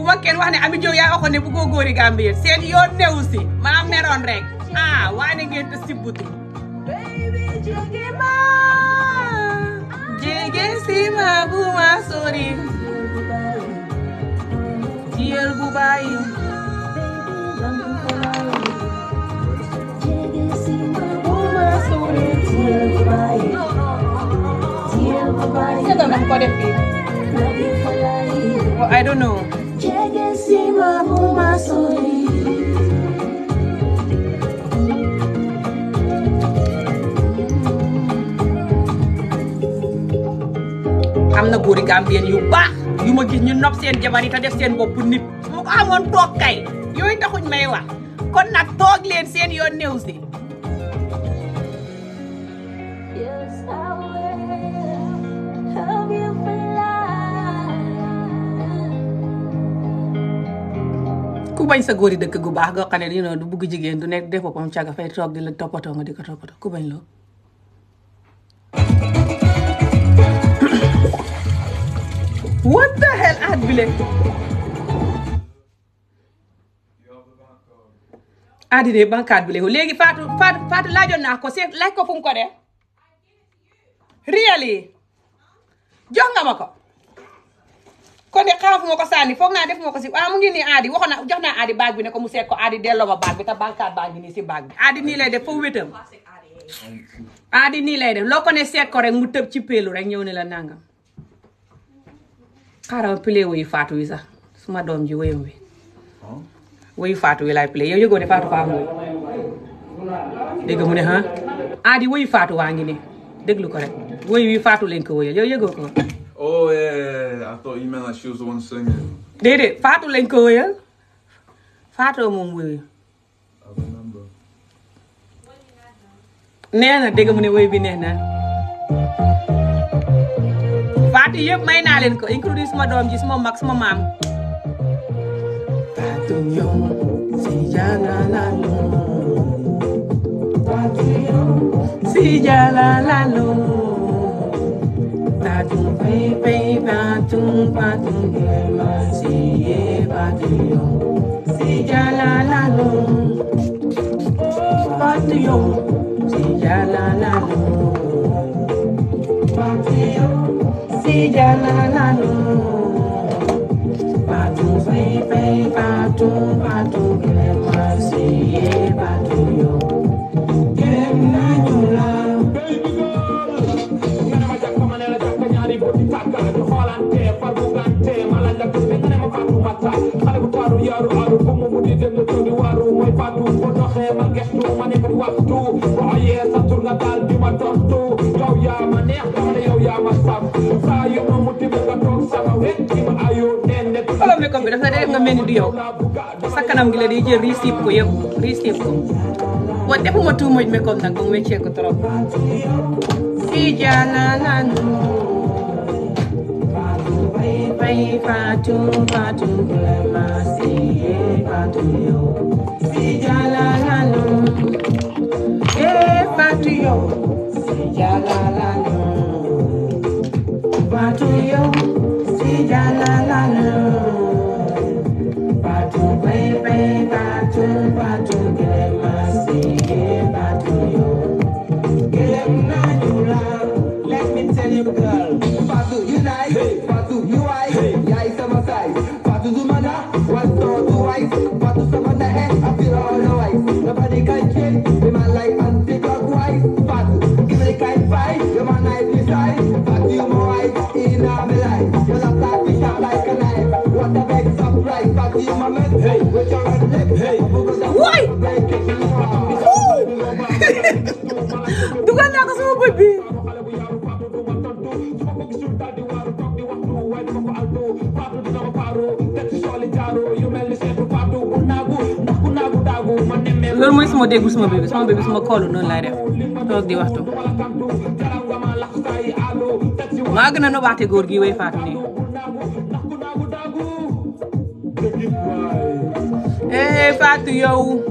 ba kenn wax ne Ami Diop yaa waxoon ne bu ko góori Gambie seen yoon newu si maa meroon rek ah waane ngeen te sibbutu jege ma jege si ma bu ma sori jiyal bu bàyyi oh, I don't know. chegesima kumasoli am na góori gambien yu baax yu ma gis ñu nopp seen jabar yi te def seen bopp nit mu ko amoon toog kay yooyu taxuñ may wax kon nag toog leen seen yoon néew si bañ sa góor yi dëkk gu baax goo bugg jigéen du nekk def boppam caga fay toog di la ko toppatoo ku bañ loo [coughs] what the hell at bi leen aadi de bankaat bi leen léegi naa ko seet laaj ko fu mu ko dee really jox nga ma kon de xaaf nga naa def nga ko si ah mu ngi nii ko mu seet ko aadi delloo ma baag bi te bankaat baa ngi nii si ko ne rek mu tëb ci péelu rek ñëw ne la nangam xaaral faatu wi sax suma doom ji woyam wi woyu faatu wi laay play yow yëgoo ne faatu faa am woyu dégg mu ne ah aadi woyu faatu waa ngi nii déglu ko rek woyu wi faatu lañ ko woyal yow yëgoo ko Oh yeah, I thought you meant like she was the one singing. Did it? Fatu lên cười á. Fatu na dégg bi neex na Fatou yëpp may naa leen ko including suma doom ji suma mag maam Fatou ñëw si jalalalo si batung pei pei batung batung ema siye batuyo si jalalalo batuyo si jalalalo batuyo si jalalalo batung pei pei batung batung yaaru yaaru aaru bu mu di dem do di waaru mooy fàttu boo doxee ma gestu ma ne ko waxtu boo ayee sa tur nga daal di ma tontu yow yaa ma neex wala yow yaa ma saf saa yu ma mu di nga toog sama wet ci ma ayoo nee ne salaamaaleykum bi dafa dee nga mel ni du yow sa kanam gi la di jël risip ko yëpp risip ko waaw defuma tuumuj mi comme nag ba mu wéccee ko trop si jaanaa naanu fay fay Fatou Fatou yee Fatou yow si jalala nu yee Fatou yow mosuma déglu sama bébé sama bébé sama koolu noonu laay def toog di waxtu maa gën a nobaate góor gi way faatu nii eh faatu yow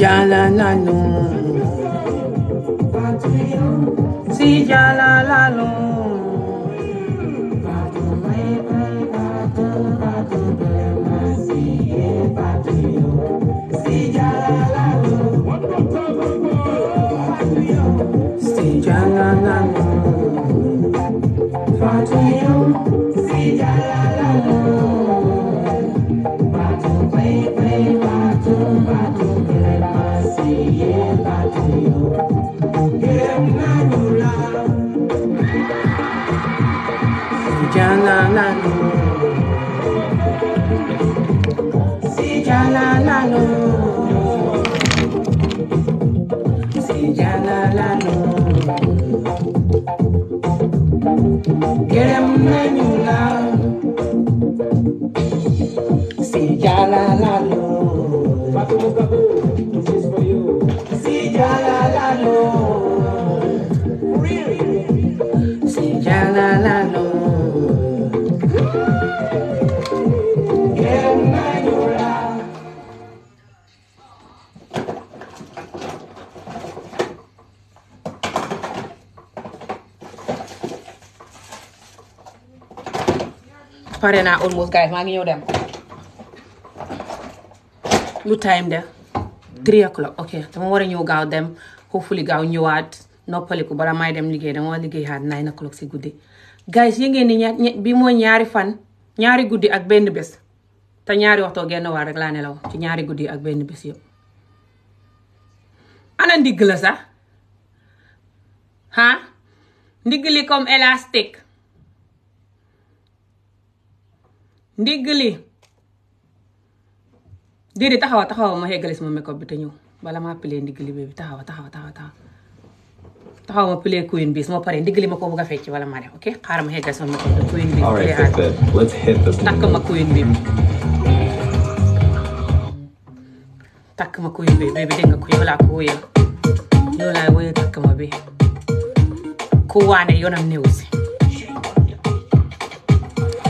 جعلنا pare almost guys maa ngi ñëw dem lu time de three o'clock ok dama war a ñëw gaaw dem hopefully gaaw ñëwaat noppaliku bala may dem liggéey dama war liggéey xaat nine o'clock si guddi guys yi ngeen bi mooy ñaari fan ñaari guddi ak benn bés te ñaari waxtoo genn waa rek laa nelaw ñaari guddi ak benn bés yëpp ana ndigg la sax ah ndigg li comme élastique ndiggali déedéet taxawa taxawa ma xeggale sama make bi te ñëw bala maa pilee ndiggali bee bi taxawa taxawa taxawa taxawa taxawa ma pilee queen bi su ma paree ma ko bëgg a fecc wala maa def ok xaaral ma xeggale sama make bi queen bi takk ma queen bi takk ma nga ko yow laa ko wóyee takk ma bi ku yoonam néew si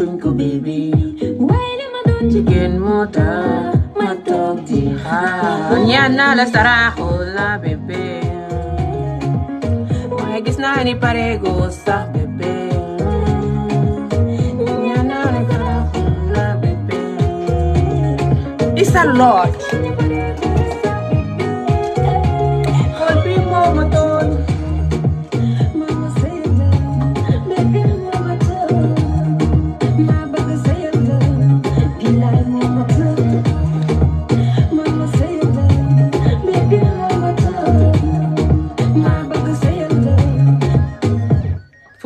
suñ ko bébé waaye li ma doon ma toog di xaar ñaan naa la saraxul la bébé waaye gis naa ni parego sax bébé ñaan naa la saraxul la bébé it's a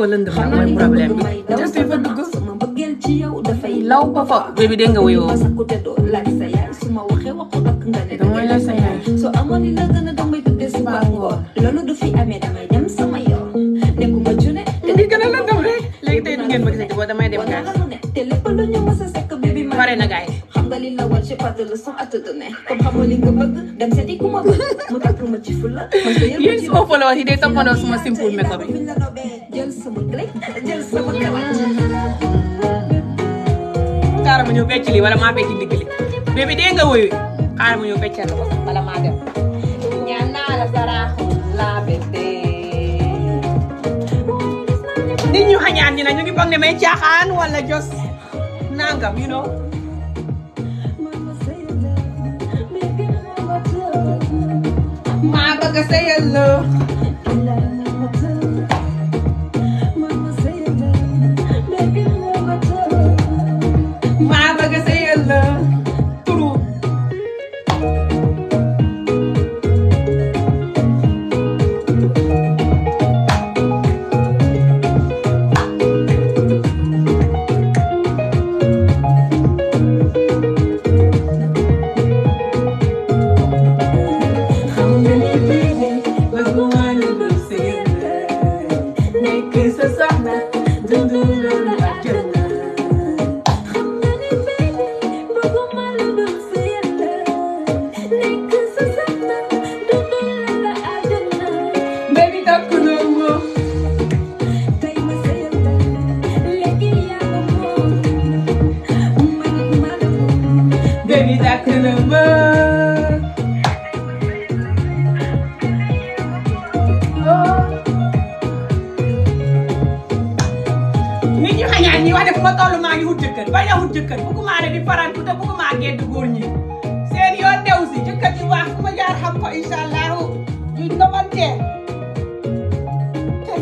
dafa lënd fa mooy problème bi jant bi fa dugg law ba fa bébé dégg nga wuyoo damay lay sa yaay soo amoon li la gën a damay tuddee si baa ngoor loolu du fi amee damay dem sama yoon nekkuma june di gën a lëndam rek léegi tey du ngeen ma gisati boo damay dem gaas te lépp lu ñu mës a sekk bébé ma pare na gaay xam nga li la war ci part de leçon à te donner comme xamoo li nga bëgg dem seeti ku ma bëgg mu takk ma ci fulla [laughs] yéen suma followers yi day toppandoo suma simple makeup bi sama clé jël sama kawaj xaaral ma ñëw becc lii wala maa becc digg li bébé dee nga woyu xaaral ma ñëw beccal la ko wala maa dem ñaan naa la saraaxu laa bébé nit ñu xañaan ñi na ñu ngi foog ne may caaxaan wala jos nangam you know maa bëgg a sëyal la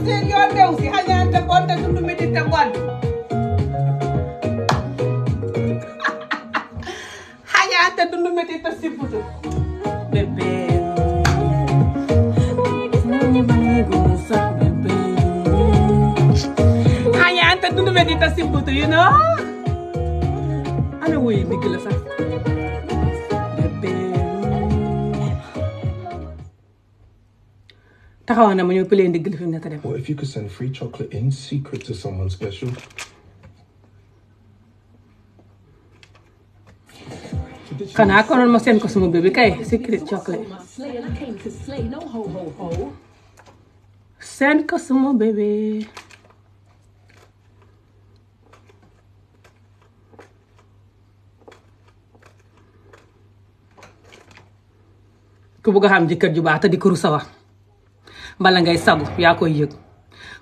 seen yoon new si xañaante bonte dundu midi te bon xañaante bébé xañaante dundu midi te sibutu you know ana wuyu digg la sax taxawoon na ma ñëw play xanaa ma seen ko suma bébé kay secret chocolate. seen ko suma bébé. bëgg a xam jëkkër ju baax di ko rusa bala ngay sagu yaa koy yëg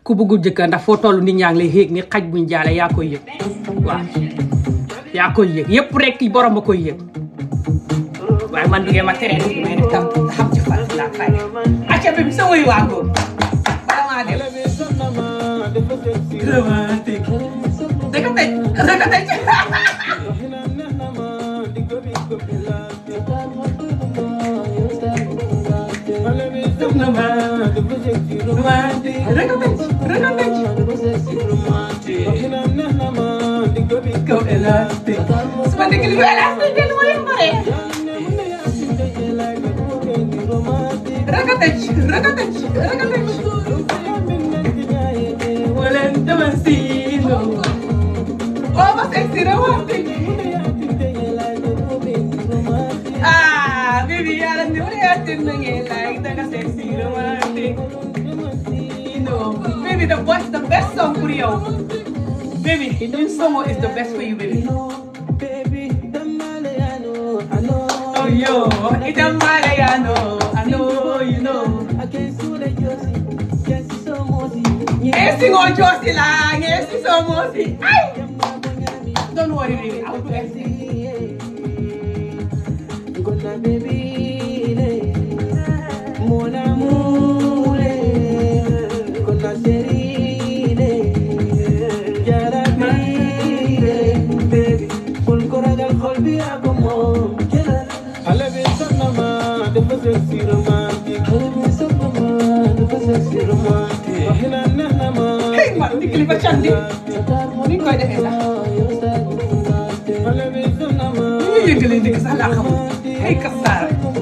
ku bëggul jëkkër ndax foo toll nit ñaa lay yéeg ni xaj buñ jaale yaa koy yëg waaw yaa koy yëg yëpp rek borom a koy yëg waaye man du ma tere rek may def tam xam bi sa woy waa góor [laughs] def na ma dugg jëg ci romantique rek a tëj rek a tëj dugg jëg ci romantique wax na neex na ma digg bi kaw élastique su ma digg li ko élastique jël mooy pare rek a tëj rek a tëj rek a tëj waleen dama si no oh ma sexy romantique acting again like the sexy romantic. No, baby, the what's the best song for you? Baby, your song is the best for you, baby. Oh yo, it's a Malayano. I know you know. Esse ojo se lá, esse somos. Ai! Don't worry, baby. I'll do everything. Gonna baby. kilifa cat bi ni ñu koy defee sax ñu ngi yëngalee ndekki sax laa xamul ay kastaar xool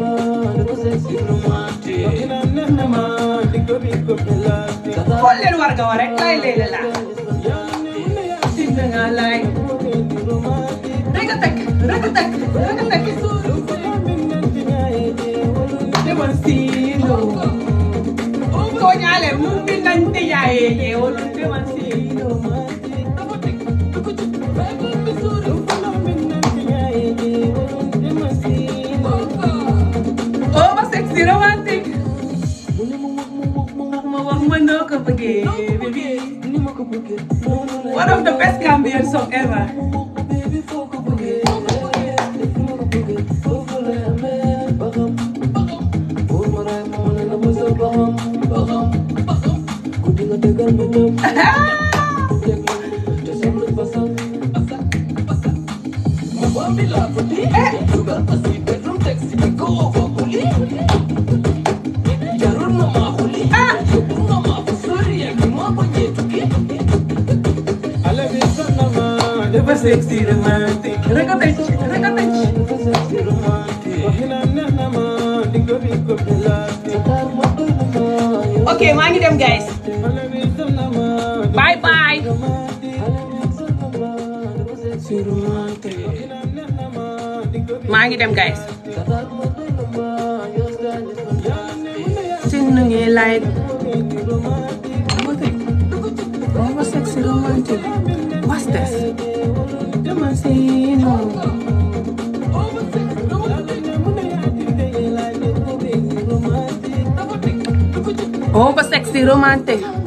leen war nga war rek laay leele laa dig na nga laay rek a teg rek a teg rek a teg ya ye olunte mansi oh ma sexy romantic ma wax ma noo ko bëggee one of the best Gambian song ever sexy romantic rëkkatëj ok maa ngi dem guys. bye bye. maa ngi dem guys. seen nu ngi like. sexy romantic. des oh ba sexy romantique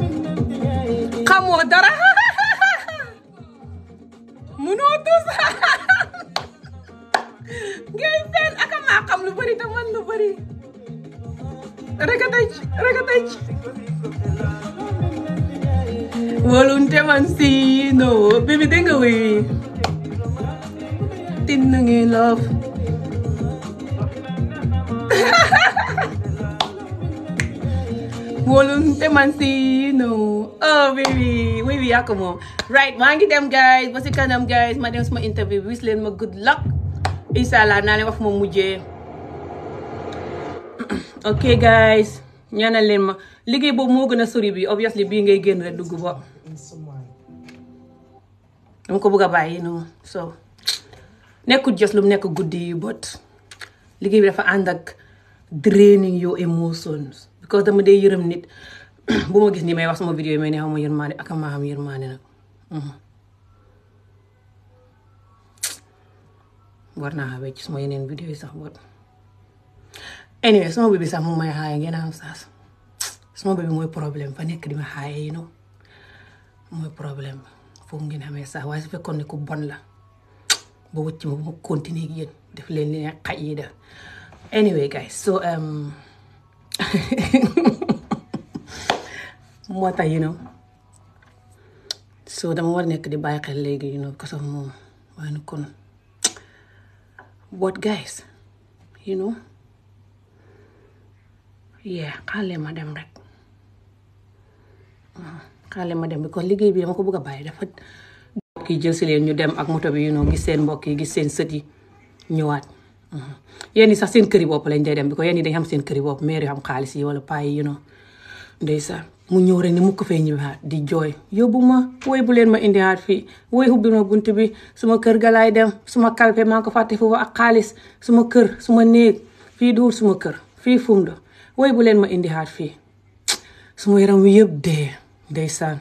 Mansi you know oh oui oui oui oui yaa moom right maa ngi dem guys ba si kanam guys ma dem suma interview bi wis leen ma good luck incha allah naa leen wax ma mujjee [clears throat] ok guys leen ma liggéey boobu moo gën a sori bi obviously bii ngay génn rek dugg ba dama ko bëgg a bàyyi you know so nekkul just lu mu nekk guddi yi but liggéey bi dafa ànd ak draining your emotions because dama dee yërëm nit bu ma gis nii may wax sama vidéo yi may ne xaw ma yërmaane ak ma xam yërmaane nag mhm. war naa xawee ci sama yeneen vidéo yi sax bot anyway sama bébé sax mu may xaaye ngeen am saas sama bébé mooy problème fa nekk di ma xaaye yi no mooy problème foofu ngeen xamee sax waaye su fekkoon ne ku bon la ba wëcc ma ba ma continuer ak yéen def leen li ne xaj yi def anyway guys so um [laughs] moo tax you know so dama war nekk di bàyyi xel léegi you know because of moom waaye nag kon but guys you know yeah xaale ma dem rek mm-hmm. xaale ma dem because liggéey bi ma ko bëgg bàyyi dafa mbokk jël si leen ñu dem ak moto bi you know gis seen mbokk yi gis seen sët yi ñëwaat mm-hmm. yéen ñi sax seen këri bopp lañ day dem because yéen yi dañ xam seen këri bopp meer yu xam xaalis yi wala paa yi you know ndeysaan mu ñëw rek ne mu ko fee ñëwaat di jooy yóbbu ma woy bu leen ma indiwaat fii woy ubbi ma bunt bi suma kër galaay laay dem suma kalpe maa ko fàtte foofu ak xaalis su ma kër suma néeg fii duur suma kër fii fum do woy bu leen ma indiwaat fii suma yaram wi yëpp dee ndeysaan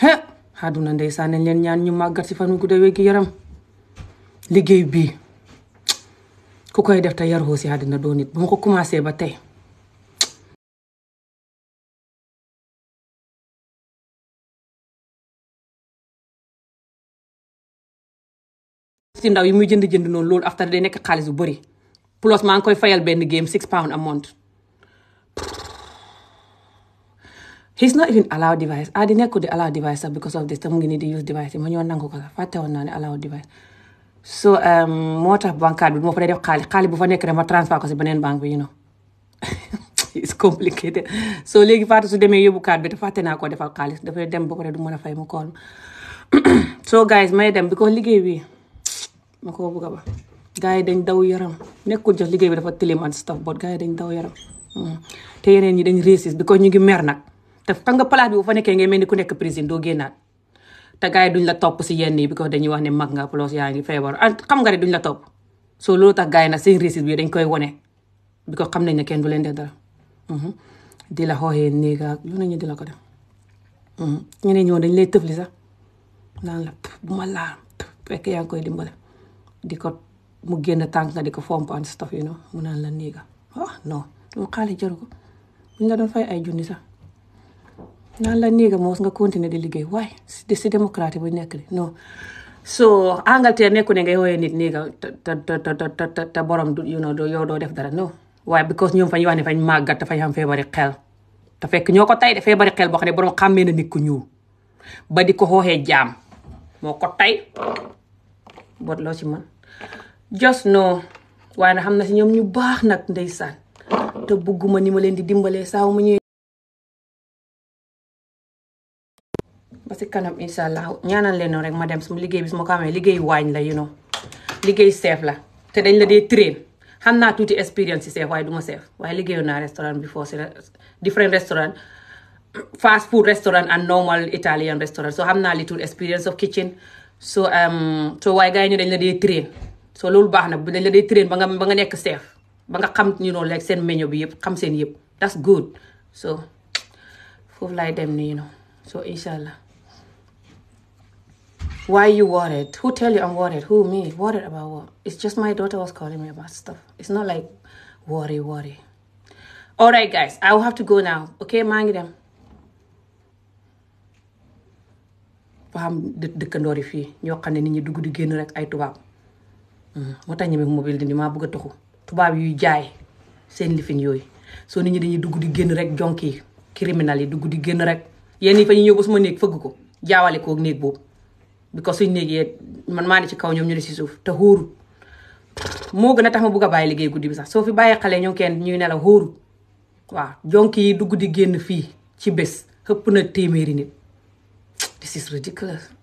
he àdduna ndeysaan nañ leen ñaan ñu màggat si fan wu dee wéegi yaram liggéey bi ku koy def te yaroo si àddina doo nit bu ma ko commencé ba tey ci ndaw yi muy jënd jënd noonu loolu after day nekk xaalis bu bëri plus maa ngi koy fayal benn game six pound a month he's not even allowed device ah di nekku di allowed device sax because of this te mu ngi nii di use device yi ma ñëw nangu ko sax fàtte woon naa ne allowed device so um, moo tax bankaat bi bu ma fa dee def bu fa nekk rek ma transfert ko si beneen banque bi you know [laughs] it's complicated so léegi Fatou su demee yóbbu carte bi te fàtte naa ko defal xaalis dafay dem ba pare du mën a fay mu kool [coughs] so guys may dem because liggéey bi ma ko bëgg a ba gars yi dañ daw yaram nekkul jox liggéey bi dafa tiliman staff boot gars yi dañ daw yaram te yeneen ñi dañ réussir because ñu ngi mer nag te xam nga palaat bi bu fa nekkee ngay mel ni ku nekk prison doo génnaat te gars yi duñ la topp si yenn yi because dañuy wax ne mag nga plus yaa ngi feebar xam nga ne duñ la topp soo loolu tax gars yi nag seen réussite bi dañ koy wone because xam nañ ne kenn du leen de dara hmm. di la xooxee néeg ak lu nañu di la ko def hmm. ñeneen ñoo dañ lay tëfli sax naan la bu ma laa fekk yaa ngi koy dimbale di ko mu génn tànk nga di ko fomp and stuff you know mu naan la néega ah oh, non loolu jaru ko buñ la doon fay ay junni sax naan la néega moos nga continuer di liggéey waaye si démocratie bu nekk di soo so Angleterre nekku ne ngay wooyee nit néega te te te te borom du doo def dara non waaye because ñoom fañ wax ne fañ màggat te fañ am feebari xel te fekk ñoo ko tey de bari xel boo xam ne borom xàmmee na nit ku ñuul ba di ko xooxee jaam moo ko tay bot loo ci man jos noo waaye nag xam na si ñoom ñu baax nag ndeysaan te bugguma ni ma leen di dimbalee saa mu ñëwee ba si kanam insha allah ñaanal leen rek ma dem suma liggéey bi su ma ko liggéey waañ la you know liggéey chef la te dañ la dee train xam naa tuuti expérience si chef waaye du ma chef waaye liggéey naa restaurant bi foofu si different restaurant fast food restaurant and normal Italian restaurant so xam naa little experience of kitchen so um, so waaye gars dañ la dee train soo loolu baax na bu dañ la day train ba nga ba nga nekk chef ba nga xam ñu noonu lekk seen meño bi yëpp xam seen yëpp that's good so foofu laay dem nii noonu so incha allah why you worried who tell you I'm worried who me worried about what it's just my daughter was calling me about stuff it's not like worry worry all guys I will have to go now okay maa ngi dem ba xam yi fii ñoo xam ne nit ñi dugg di génn rek ay tubaab moo tax ñemewuma mobile di maa bëgg a toxu tubaab yuy jaay seen lifin yooyu soo nit ñi dañuy dugg di génn rek jonk yi criminal yi dugg di génn rek yenn yi fa ñu ñëw ba suma néeg fëgg ko jaawale kook néeg boobu bi ko suñ néeg yee man maa ne ci kaw ñoom ñu ne si suuf te xóorut moo gën a tax ma bugg a bàyyi liggéey guddi bi sax soo fi bàyyi xale ñu kenn ñuy ne la xóorut waaw jonk yi dugg di génn fii ci bés xëpp na téeméeri nit this is ridiculous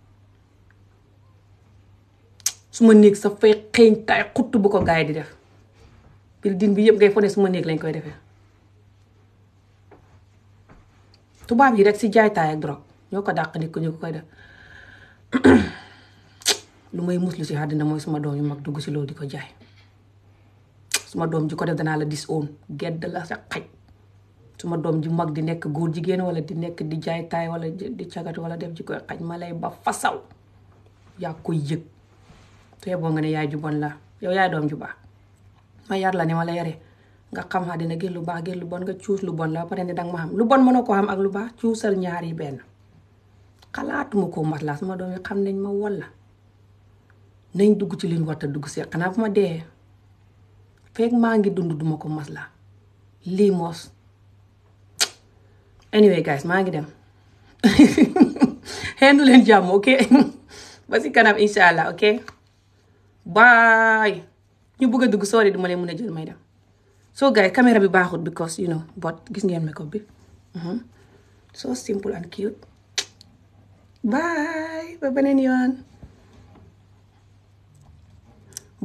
su ma néeg sa fay xeeñ kaay xutt bu ko gars di def building bi yëpp ngay fone su ma néeg lañ koy defee tubaab yi rek si jaaytaay ak drogue ñoo ko dàq nit ko ñu ko koy def lu may muslu si àddina mooy suma doom yu mag dugg si loolu di ko jaay suma doom ji ko def danaa la dis oon gedd la sa xaj suma doom ji mag di nekk góor jigéen wala di nekk di jaay taay wala di cagat wala def ji koy xaj ma lay ba fasaw yaa koy yëg te boo nga ne yaay ju la yow yaay doom ju baax ma yar la ni ma la yare nga xam xa dina gis lu baax gis lu bon nga cuus lu bon la ba pare ne danga ma xam lu bon mënoo koo xam ak lu baax cuusal ñaar yi benn xalaatuma koo matla sama doom xam nañ ma walla nañ dugg ci liñ warta dugg see xanaa bu ma dee fekk maa ngi dund duma ko matla lii moos anyway guys maa ngi dem [laughs] xendu leen jàmm ok [laughs] ba si kanam incha allah ok baay ñu bugg a dugg soo duma le mën a jël may dem so gars yi bi baaxut because you know but gis ngeen makeup bi mhm. so simple and cute baay ba beneen yoon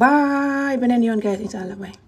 baay beneen yoon gars yi allah baay